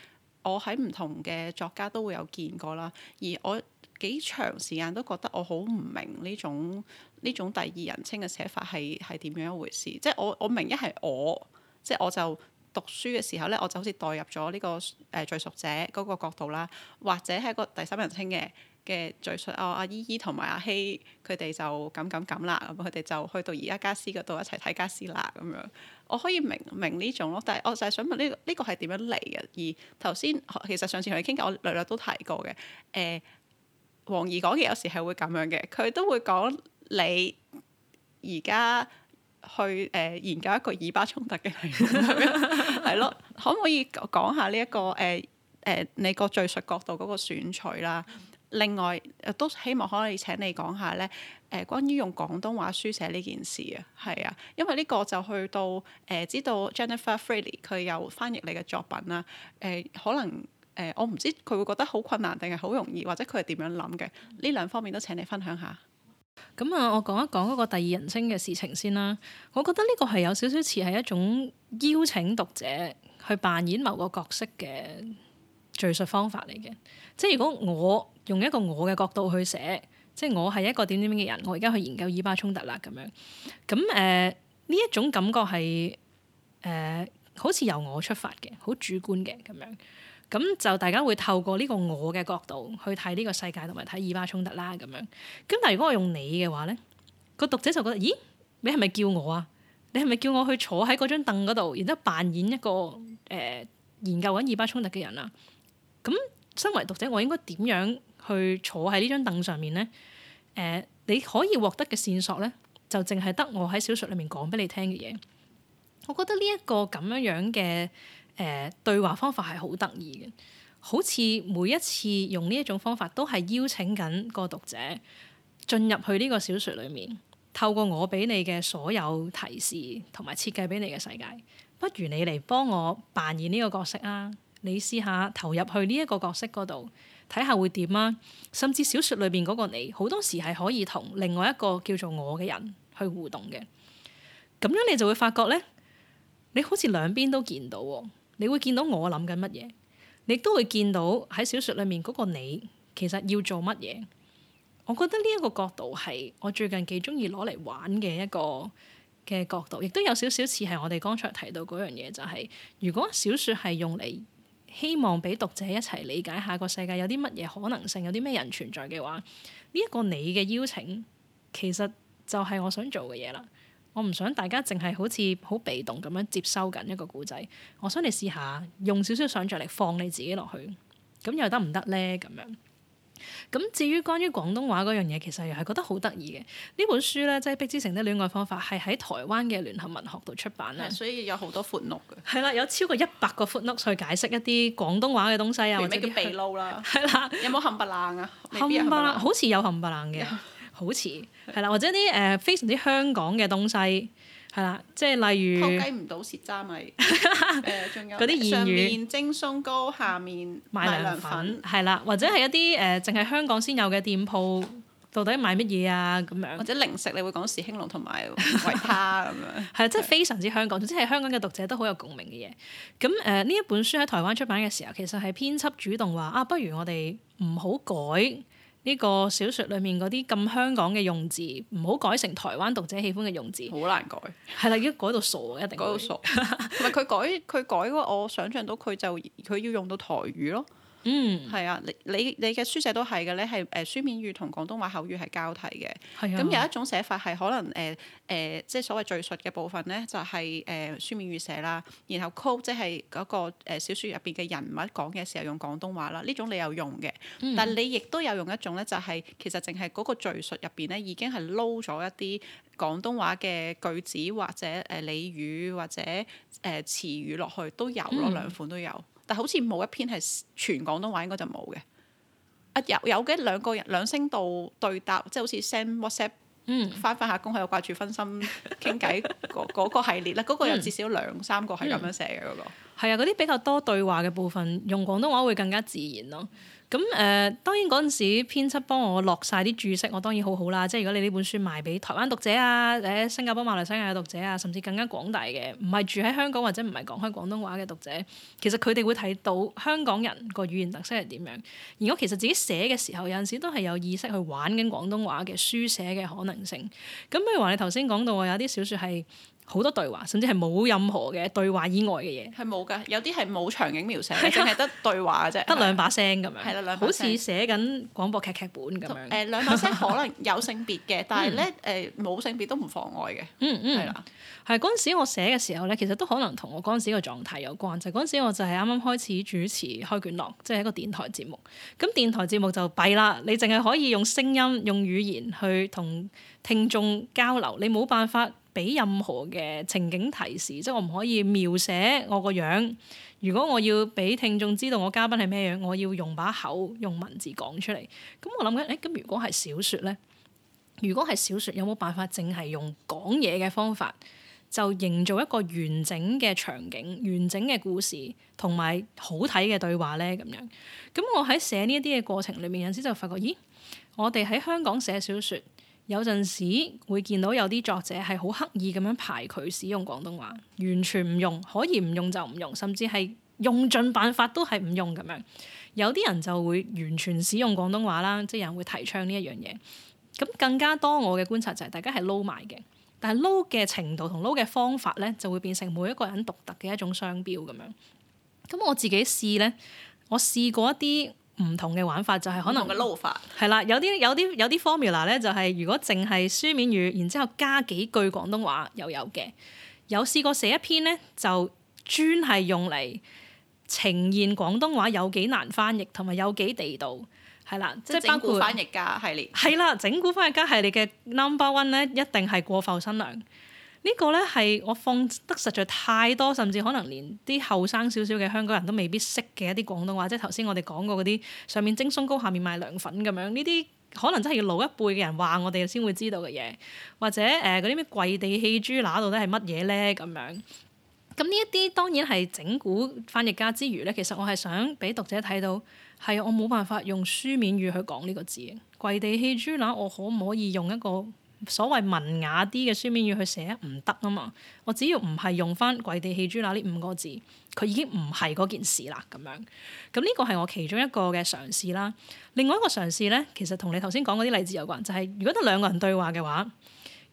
我喺唔同嘅作家都會有見過啦。而我幾長時間都覺得我好唔明呢種呢種第二人稱嘅寫法係係點樣一回事。即係我我明一係我，即係我就讀書嘅時候呢，我就好似代入咗呢個誒敍述者嗰個角度啦，或者係個第三人稱嘅。嘅敘述哦，阿姨姨同埋阿希佢哋就咁咁咁啦，咁佢哋就去到而家家私嗰度一齊睇家私啦咁樣，我可以明明呢種咯，但係我就係想問呢、這個呢、這個係點樣嚟嘅？而頭先其實上次同你傾偈，我略略都提過嘅，誒黃怡講嘅有時係會咁樣嘅，佢都會講你而家去誒、呃、研究一個以巴衝突嘅係 咯，可唔可以講下呢、這、一個誒誒、呃呃、你個敘述角度嗰個選取啦？另外，都希望可以請你講下咧，誒、呃，關於用廣東話書寫呢件事啊，係啊，因為呢個就去到誒、呃，知道 Jennifer Freely 佢有翻譯你嘅作品啦，誒、呃，可能誒、呃，我唔知佢會覺得好困難定係好容易，或者佢係點樣諗嘅，呢兩、嗯、方面都請你分享下。咁啊、嗯，我講一講嗰個第二人稱嘅事情先啦。我覺得呢個係有少少似係一種邀請讀者去扮演某個角色嘅。敍述方法嚟嘅，即係如果我用一個我嘅角度去寫，即係我係一個點點點嘅人，我而家去研究以巴衝突啦，咁樣咁誒呢一種感覺係誒、呃、好似由我出發嘅，好主觀嘅咁樣，咁就大家會透過呢個我嘅角度去睇呢個世界同埋睇以巴衝突啦，咁樣咁。但係如果我用你嘅話咧，個讀者就覺得咦，你係咪叫我啊？你係咪叫我去坐喺嗰張凳嗰度，然之後扮演一個誒、呃、研究緊以巴衝突嘅人啊？咁身為讀者，我應該點樣去坐喺呢張凳上面呢？誒、呃，你可以獲得嘅線索呢，就淨係得我喺小説裏面講俾你聽嘅嘢。我覺得呢一個咁樣樣嘅誒對話方法係好得意嘅，好似每一次用呢一種方法都係邀請緊個讀者進入去呢個小説裏面，透過我俾你嘅所有提示同埋設計俾你嘅世界，不如你嚟幫我扮演呢個角色啊！你試下投入去呢一個角色嗰度睇下會點啊！甚至小説裏邊嗰個你，好多時係可以同另外一個叫做我嘅人去互動嘅。咁樣你就會發覺咧，你好似兩邊都見到，哦，你會見到我諗緊乜嘢，你都會見到喺小説裏面嗰個你其實要做乜嘢。我覺得呢一個角度係我最近幾中意攞嚟玩嘅一個嘅角度，亦都有少少似係我哋剛才提到嗰樣嘢，就係、是、如果小説係用嚟。希望俾讀者一齊理解下個世界有啲乜嘢可能性，有啲咩人存在嘅話，呢一個你嘅邀請，其實就係我想做嘅嘢啦。我唔想大家淨係好似好被動咁樣接收緊一個故仔，我想你試下用少少想像力放你自己落去，咁又得唔得呢？咁樣。咁至於關於廣東話嗰樣嘢，其實又係覺得好得意嘅。呢本書咧，即係《擠迫之城的戀愛方法》，係喺台灣嘅聯合文學度出版咧。所以有好多闊錄嘅。係啦，有超過一百個闊錄去解釋一啲廣東話嘅東西啊， 或者叫秘撈啦。係啦。有冇冚唪唥啊？冚唪唥，好似有冚唪唥嘅，好似係啦，或者啲誒非常之香港嘅東西。係啦，即係例如偷雞唔到蝕渣米，誒仲、 呃、有嗰啲意語，上面蒸鬆糕，下面賣涼粉，係啦，或者係一啲誒，淨、呃、係香港先有嘅店鋪，到底賣乜嘢啊？咁樣或者零食，你會講時興隆同埋維他咁 樣，係啊，即係非常之香港，總之係香港嘅讀者都好有共鳴嘅嘢。咁誒呢一本書喺台灣出版嘅時候，其實係編輯主動話啊，不如我哋唔好改。呢個小説裏面嗰啲咁香港嘅用字，唔好改成台灣讀者喜歡嘅用字。好難改。係啦，要改到傻，一定。 改到傻。唔係佢改，佢改嗰個，我想像到佢就佢要用到台語咯。嗯，係啊，你你你嘅書寫都係嘅咧，係誒、呃、書面語同廣東話口語係交替嘅。係啊的，咁有一種寫法係可能誒誒、呃呃，即係所謂敘述嘅部分咧，就係、是、誒、呃、書面語寫啦，然後 code 即係嗰個小説入邊嘅人物講嘅時候用廣東話啦，呢種你有用嘅。但係你亦都有用一種咧，就係、是、其實淨係嗰個敘述入邊咧已經係撈咗一啲廣東話嘅句子或者誒俚、呃、語或者誒、呃、詞語落去，都有咯，嗯、兩款都有。但好似冇一篇係全廣東話，應該就冇嘅。啊，有有嘅兩個人，兩聲道對答，即係好似 send WhatsApp，嗯，翻翻下工喺度掛住分心傾偈嗰個系列啦。嗰 個有至少兩三個係咁樣寫嘅嗰、嗯嗯嗰個。係啊，嗰啲比較多對話嘅部分，用廣東話會更加自然咯。咁誒、呃，當然嗰陣時編輯幫我落晒啲注釋，我當然好好啦。即係如果你呢本書賣俾台灣讀者啊，誒新加坡、馬來西亞嘅讀者啊，甚至更加廣大嘅，唔係住喺香港或者唔係講開廣東話嘅讀者，其實佢哋會睇到香港人個語言特色係點樣。而我其實自己寫嘅時候，有陣時都係有意識去玩緊廣東話嘅書寫嘅可能性。咁譬如話你頭先講到話有啲小説係，好多對話，甚至係冇任何嘅對話以外嘅嘢，係冇㗎。有啲係冇場景描寫，佢淨係得對話嘅啫，得兩把聲咁樣，係啦的，的兩把聲，好似寫緊廣播劇劇本咁樣。誒、呃、兩把聲可能有性別嘅， 但係咧誒冇性別都唔妨礙嘅、嗯。嗯嗯，係啦的，係嗰陣時我寫嘅時候咧，其實都可能同我嗰陣時個狀態有關。就嗰、是、陣時我就係啱啱開始主持開卷樂，即、就、係、是、一個電台節目。咁電台節目就弊啦，你淨係可以用聲音用語言去同聽眾交流，你冇辦法，俾任何嘅情景提示，即係我唔可以描寫我個樣。如果我要俾聽眾知道我嘉賓係咩樣，我要用把口用文字講出嚟。咁、嗯、我諗緊，誒咁如果係小説咧，如果係小説有冇辦法淨係用講嘢嘅方法，就營造一個完整嘅場景、完整嘅故事同埋好睇嘅對話咧？咁樣咁、嗯、我喺寫呢一啲嘅過程裏面，有時就發覺，咦，我哋喺香港寫小説，有陣時會見到有啲作者係好刻意咁樣排拒使用廣東話，完全唔用，可以唔用就唔用，甚至係用盡辦法都係唔用咁樣。有啲人就會完全使用廣東話啦，即係有人會提倡呢一樣嘢。咁更加多我嘅觀察就係大家係撈埋嘅，但係撈嘅程度同撈嘅方法咧就會變成每一個人獨特嘅一種商標咁樣。咁我自己試咧，我試過一啲。唔同嘅玩法就係可能嘅撈法，係啦，有啲有啲有啲 formula 咧，就係如果淨係書面語，然之後加幾句廣東話又有嘅。有試過寫一篇呢，就專係用嚟呈現廣東話有幾難翻譯同埋有幾地道，係啦，即係整蠱翻譯家系列。係啦，整蠱翻譯家系列嘅 number one 咧，一定係過埠新娘。呢個咧係我放得實在太多，甚至可能連啲後生少少嘅香港人都未必識嘅一啲廣東話，即係頭先我哋講過嗰啲上面蒸鬆糕，下面賣涼粉咁樣，呢啲可能真係要老一輩嘅人話我哋先會知道嘅嘢，或者誒嗰啲咩跪地棄豬乸到底係乜嘢咧咁樣。咁呢一啲當然係整蠱翻譯家之餘咧，其實我係想俾讀者睇到係我冇辦法用書面語去講呢個字，跪地棄豬乸，我可唔可以用一個？所謂文雅啲嘅書面語去寫唔得啊嘛！我只要唔係用翻跪地餵豬乸呢五個字，佢已經唔係嗰件事啦咁樣。咁呢個係我其中一個嘅嘗試啦。另外一個嘗試咧，其實同你頭先講嗰啲例子有關，就係、是、如果得兩個人對話嘅話，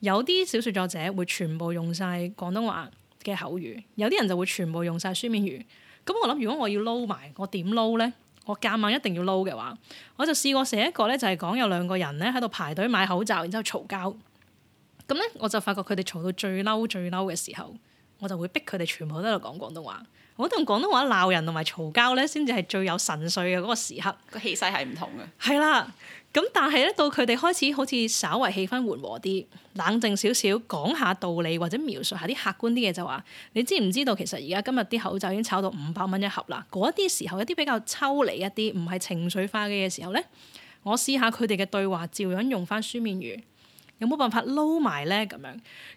有啲小說作者會全部用晒廣東話嘅口語，有啲人就會全部用晒書面語。咁我諗如果我要撈埋，我點撈咧？我夾硬，硬一定要撈嘅話，我就試過寫一個咧，就係講有兩個人咧喺度排隊買口罩然，然之後嘈交。咁咧，我就發覺佢哋嘈到最嬲最嬲嘅時候，我就會逼佢哋全部都喺度講廣東話。我覺得用廣東話鬧人同埋嘈交咧，先至係最有神髓嘅嗰個時刻。個氣勢係唔同嘅。係啦。咁但係咧，到佢哋開始好似稍為氣氛緩和啲、冷靜少少，講下道理或者描述下啲客觀啲嘢，就話你知唔知道其實而家今日啲口罩已經炒到五百蚊一盒啦。嗰啲時候，一啲比較抽離一啲，唔係情緒化嘅嘅時候呢，我試下佢哋嘅對話，照樣用翻書面語，有冇辦法撈埋呢？咁樣？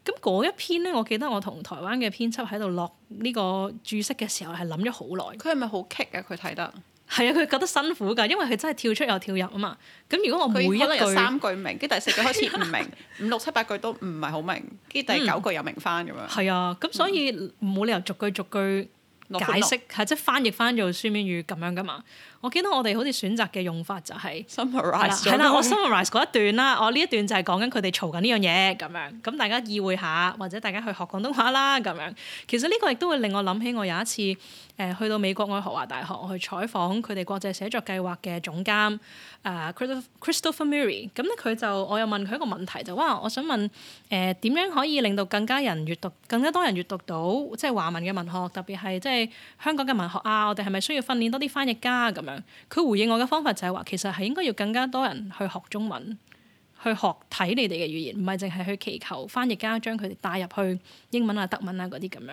咁嗰一篇呢，我記得我同台灣嘅編輯喺度落呢個注釋嘅時候係諗咗好耐。佢係咪好激啊？佢睇得？係啊，佢覺得辛苦㗎，因為佢真係跳出又跳入啊嘛。咁如果我每一句，三句明，跟住 第四句開始唔明， 五六七八句都唔係好明，跟住、嗯、第九句又明翻咁樣。係啊，咁所以冇理由逐句逐句解釋，係、嗯、即係翻譯翻做書面語咁樣㗎嘛。我見到我哋好似選擇嘅用法就係 summarize，係啦，我 summarize 嗰一段啦，我呢一段就係講緊佢哋嘈緊呢樣嘢咁樣，咁大家意會下，或者大家去學廣東話啦咁樣。其實呢個亦都會令我諗起我有一次誒、呃、去到美國愛荷華大學去採訪佢哋國際寫作計劃嘅總監啊、呃、Christopher、Christopher Merrill，咁咧，佢就我又問佢一個問題就哇，我想問誒、呃、點樣可以令到更加人閱讀，更加多人閱讀到即係華文嘅文學，特別係即係香港嘅文學啊？我哋係咪需要訓練多啲翻譯家咁。佢回應我嘅方法就係話，其實係應該要更加多人去學中文，去學睇你哋嘅語言，唔係淨係去祈求翻譯家將佢哋帶入去英文啊、德文啊嗰啲咁樣。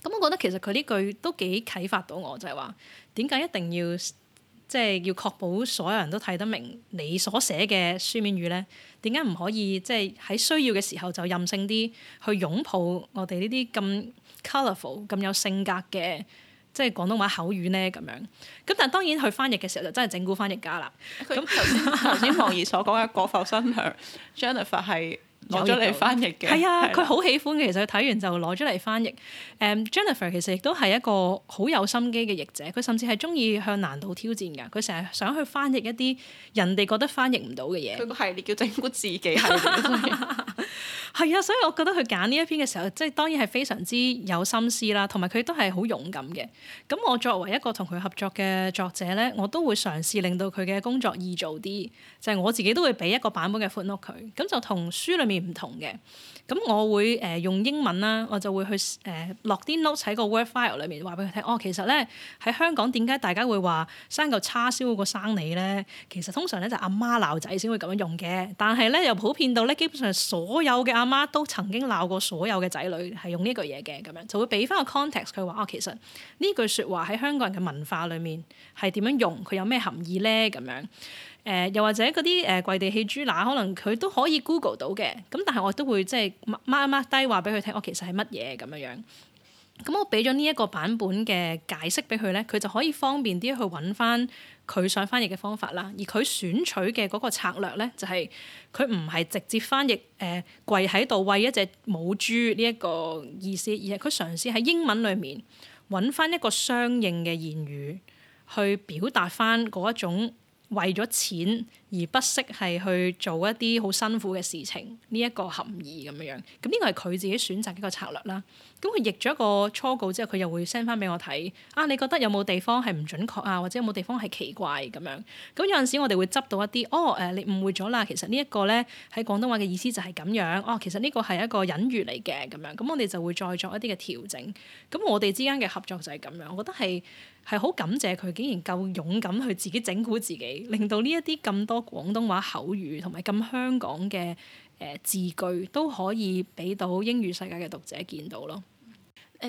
咁、嗯、我覺得其實佢呢句都幾啟發到我，就係話點解一定要即係、就是、要確保所有人都睇得明你所寫嘅書面語呢？點解唔可以即係喺需要嘅時候就任性啲去擁抱我哋呢啲咁 colourful、咁有性格嘅即係廣東話口語呢，咁樣，咁但係當然佢翻譯嘅時候就真係整蠱翻譯家啦。咁頭先頭先黃怡所講嘅《國服新娘》 Jennifer 係攞咗嚟翻譯嘅。係啊，佢好 喜歡嘅，其實佢睇完就攞咗嚟翻譯。誒 ，Jennifer 其實亦都係一個好有心機嘅譯者，佢甚至係中意向難度挑戰㗎。佢成日想去翻譯一啲人哋覺得翻譯唔到嘅嘢。佢個系列叫整蠱自己系 係啊，所以我覺得佢揀呢一篇嘅時候，即係當然係非常之有心思啦，同埋佢都係好勇敢嘅。咁我作為一個同佢合作嘅作者咧，我都會嘗試令到佢嘅工作易做啲，就係我自己都會俾一個版本嘅 footnote 佢，咁就同書裡面唔同嘅。咁我會誒、呃、用英文啦，我就會去誒、呃、落啲 note 喺個 word file 裏面話俾佢聽。哦，其實咧喺香港點解大家會話生嚿叉燒好過生你咧？其實通常咧就阿媽鬧仔先會咁樣用嘅。但係咧又普遍到咧，基本上所有嘅阿媽都曾經鬧過所有嘅仔女係用呢句嘢嘅咁樣，就會俾翻個 context 佢，話哦，其實呢句説話喺香港人嘅文化裏面係點樣用，佢有咩含義咧咁樣。誒、呃、又或者嗰啲誒跪地餵豬乸，可能佢都可以 Google 到嘅。咁但係我都會即係 mark 低，話俾佢聽，摸摸我其實係乜嘢咁樣樣。咁、嗯、我俾咗呢一個版本嘅解釋俾佢咧，佢就可以方便啲去揾翻佢想翻譯嘅方法啦。而佢選取嘅嗰個策略咧，就係佢唔係直接翻譯誒、呃、跪喺度餵一隻母豬呢一個意思，而係佢嘗試喺英文裡面揾翻一個相應嘅言語去表達翻嗰一種。為咗錢。而不惜係去做一啲好辛苦嘅事情，呢一個含義咁樣樣，咁呢個係佢自己選擇一個策略啦。咁佢譯咗一個初稿之後佢又會 send 翻俾我睇。啊，你覺得有冇地方係唔準確啊？或者有冇地方係奇怪咁樣，咁有陣時我哋會執到一啲，哦誒、呃、你誤會咗啦。其實呢一個咧喺廣東話嘅意思就係咁樣哦，其實呢個係一個隱喻嚟嘅咁樣，咁我哋就會再作一啲嘅調整。咁我哋之間嘅合作就係咁樣，我覺得係係好感謝佢，竟然夠勇敢去自己整蠱自己，令到呢一啲咁多。廣東話口語同埋咁香港嘅、呃、字句都可以俾到英語世界嘅讀者見到咯。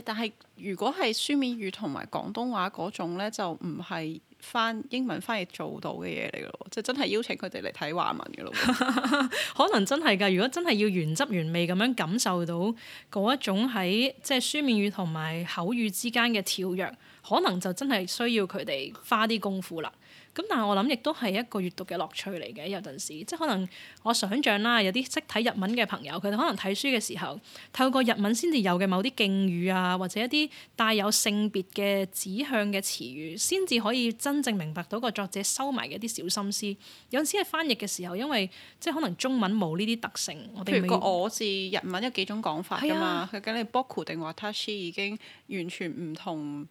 但係如果係書面語同埋廣東話嗰種呢，就唔係翻英文翻譯做到嘅嘢嚟咯，即係真係邀請佢哋嚟睇華文嘅咯。 可能真係噶，如果真係要原汁原味咁樣感受到嗰一種喺即係書面語同埋口語之間嘅跳躍，可能就真係需要佢哋花啲功夫啦。咁但係我諗亦都係一個閲讀嘅樂趣嚟嘅，有陣時即係可能我想象啦，有啲識睇日文嘅朋友，佢哋可能睇書嘅時候，透過日文先至有嘅某啲敬語啊，或者一啲帶有性別嘅指向嘅詞語，先至可以真正明白到個作者收埋嘅一啲小心思。有陣時喺翻譯嘅時候，因為即係可能中文冇呢啲特性，譬如個我字日文有幾種講法㗎嘛，佢梗係 Boku 定 watashi 已經完全唔同。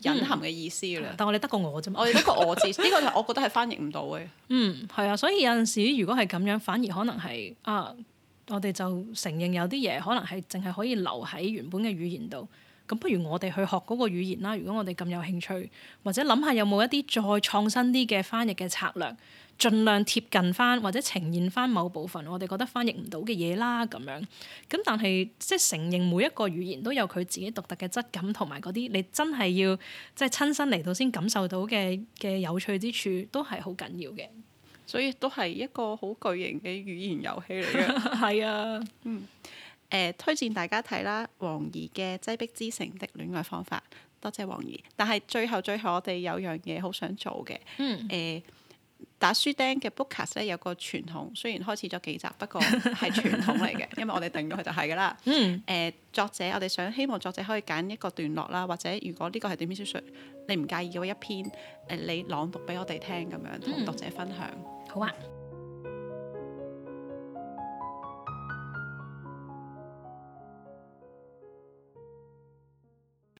隱含嘅意思、嗯、但我哋得個我啫嘛，我哋得個我字，呢 個我覺得係翻譯唔到嘅。嗯，係啊，所以有陣時如果係咁樣，反而可能係啊，我哋就承認有啲嘢可能係淨係可以留喺原本嘅語言度，咁不如我哋去學嗰個語言啦。如果我哋咁有興趣，或者諗下有冇一啲再創新啲嘅翻譯嘅策略。盡量貼近翻或者呈現翻某部分，我哋覺得翻譯唔到嘅嘢啦，咁樣咁，但係即係承認每一個語言都有佢自己獨特嘅質感同埋嗰啲，你真係要即係、就是、親身嚟到先感受到嘅嘅有趣之處，都係好緊要嘅。所以都係一個好巨型嘅語言遊戲嚟嘅。係 啊、嗯呃，推薦大家睇啦，黃怡嘅擠迫之城的戀愛方法，多謝黃怡。但係最後最後，我哋有樣嘢好想做嘅，嗯，誒、呃。打書釘嘅 bookcast 咧，有個傳統，雖然開始咗幾集，不過係傳統嚟嘅， 因為我哋定咗佢就係㗎啦。誒、嗯呃、作者，我哋想希望作者可以揀一個段落啦，或者如果呢個係短篇小說，你唔介意嘅話，一篇誒、呃、你朗讀俾我哋聽咁樣，同讀者分享。嗯、好啊。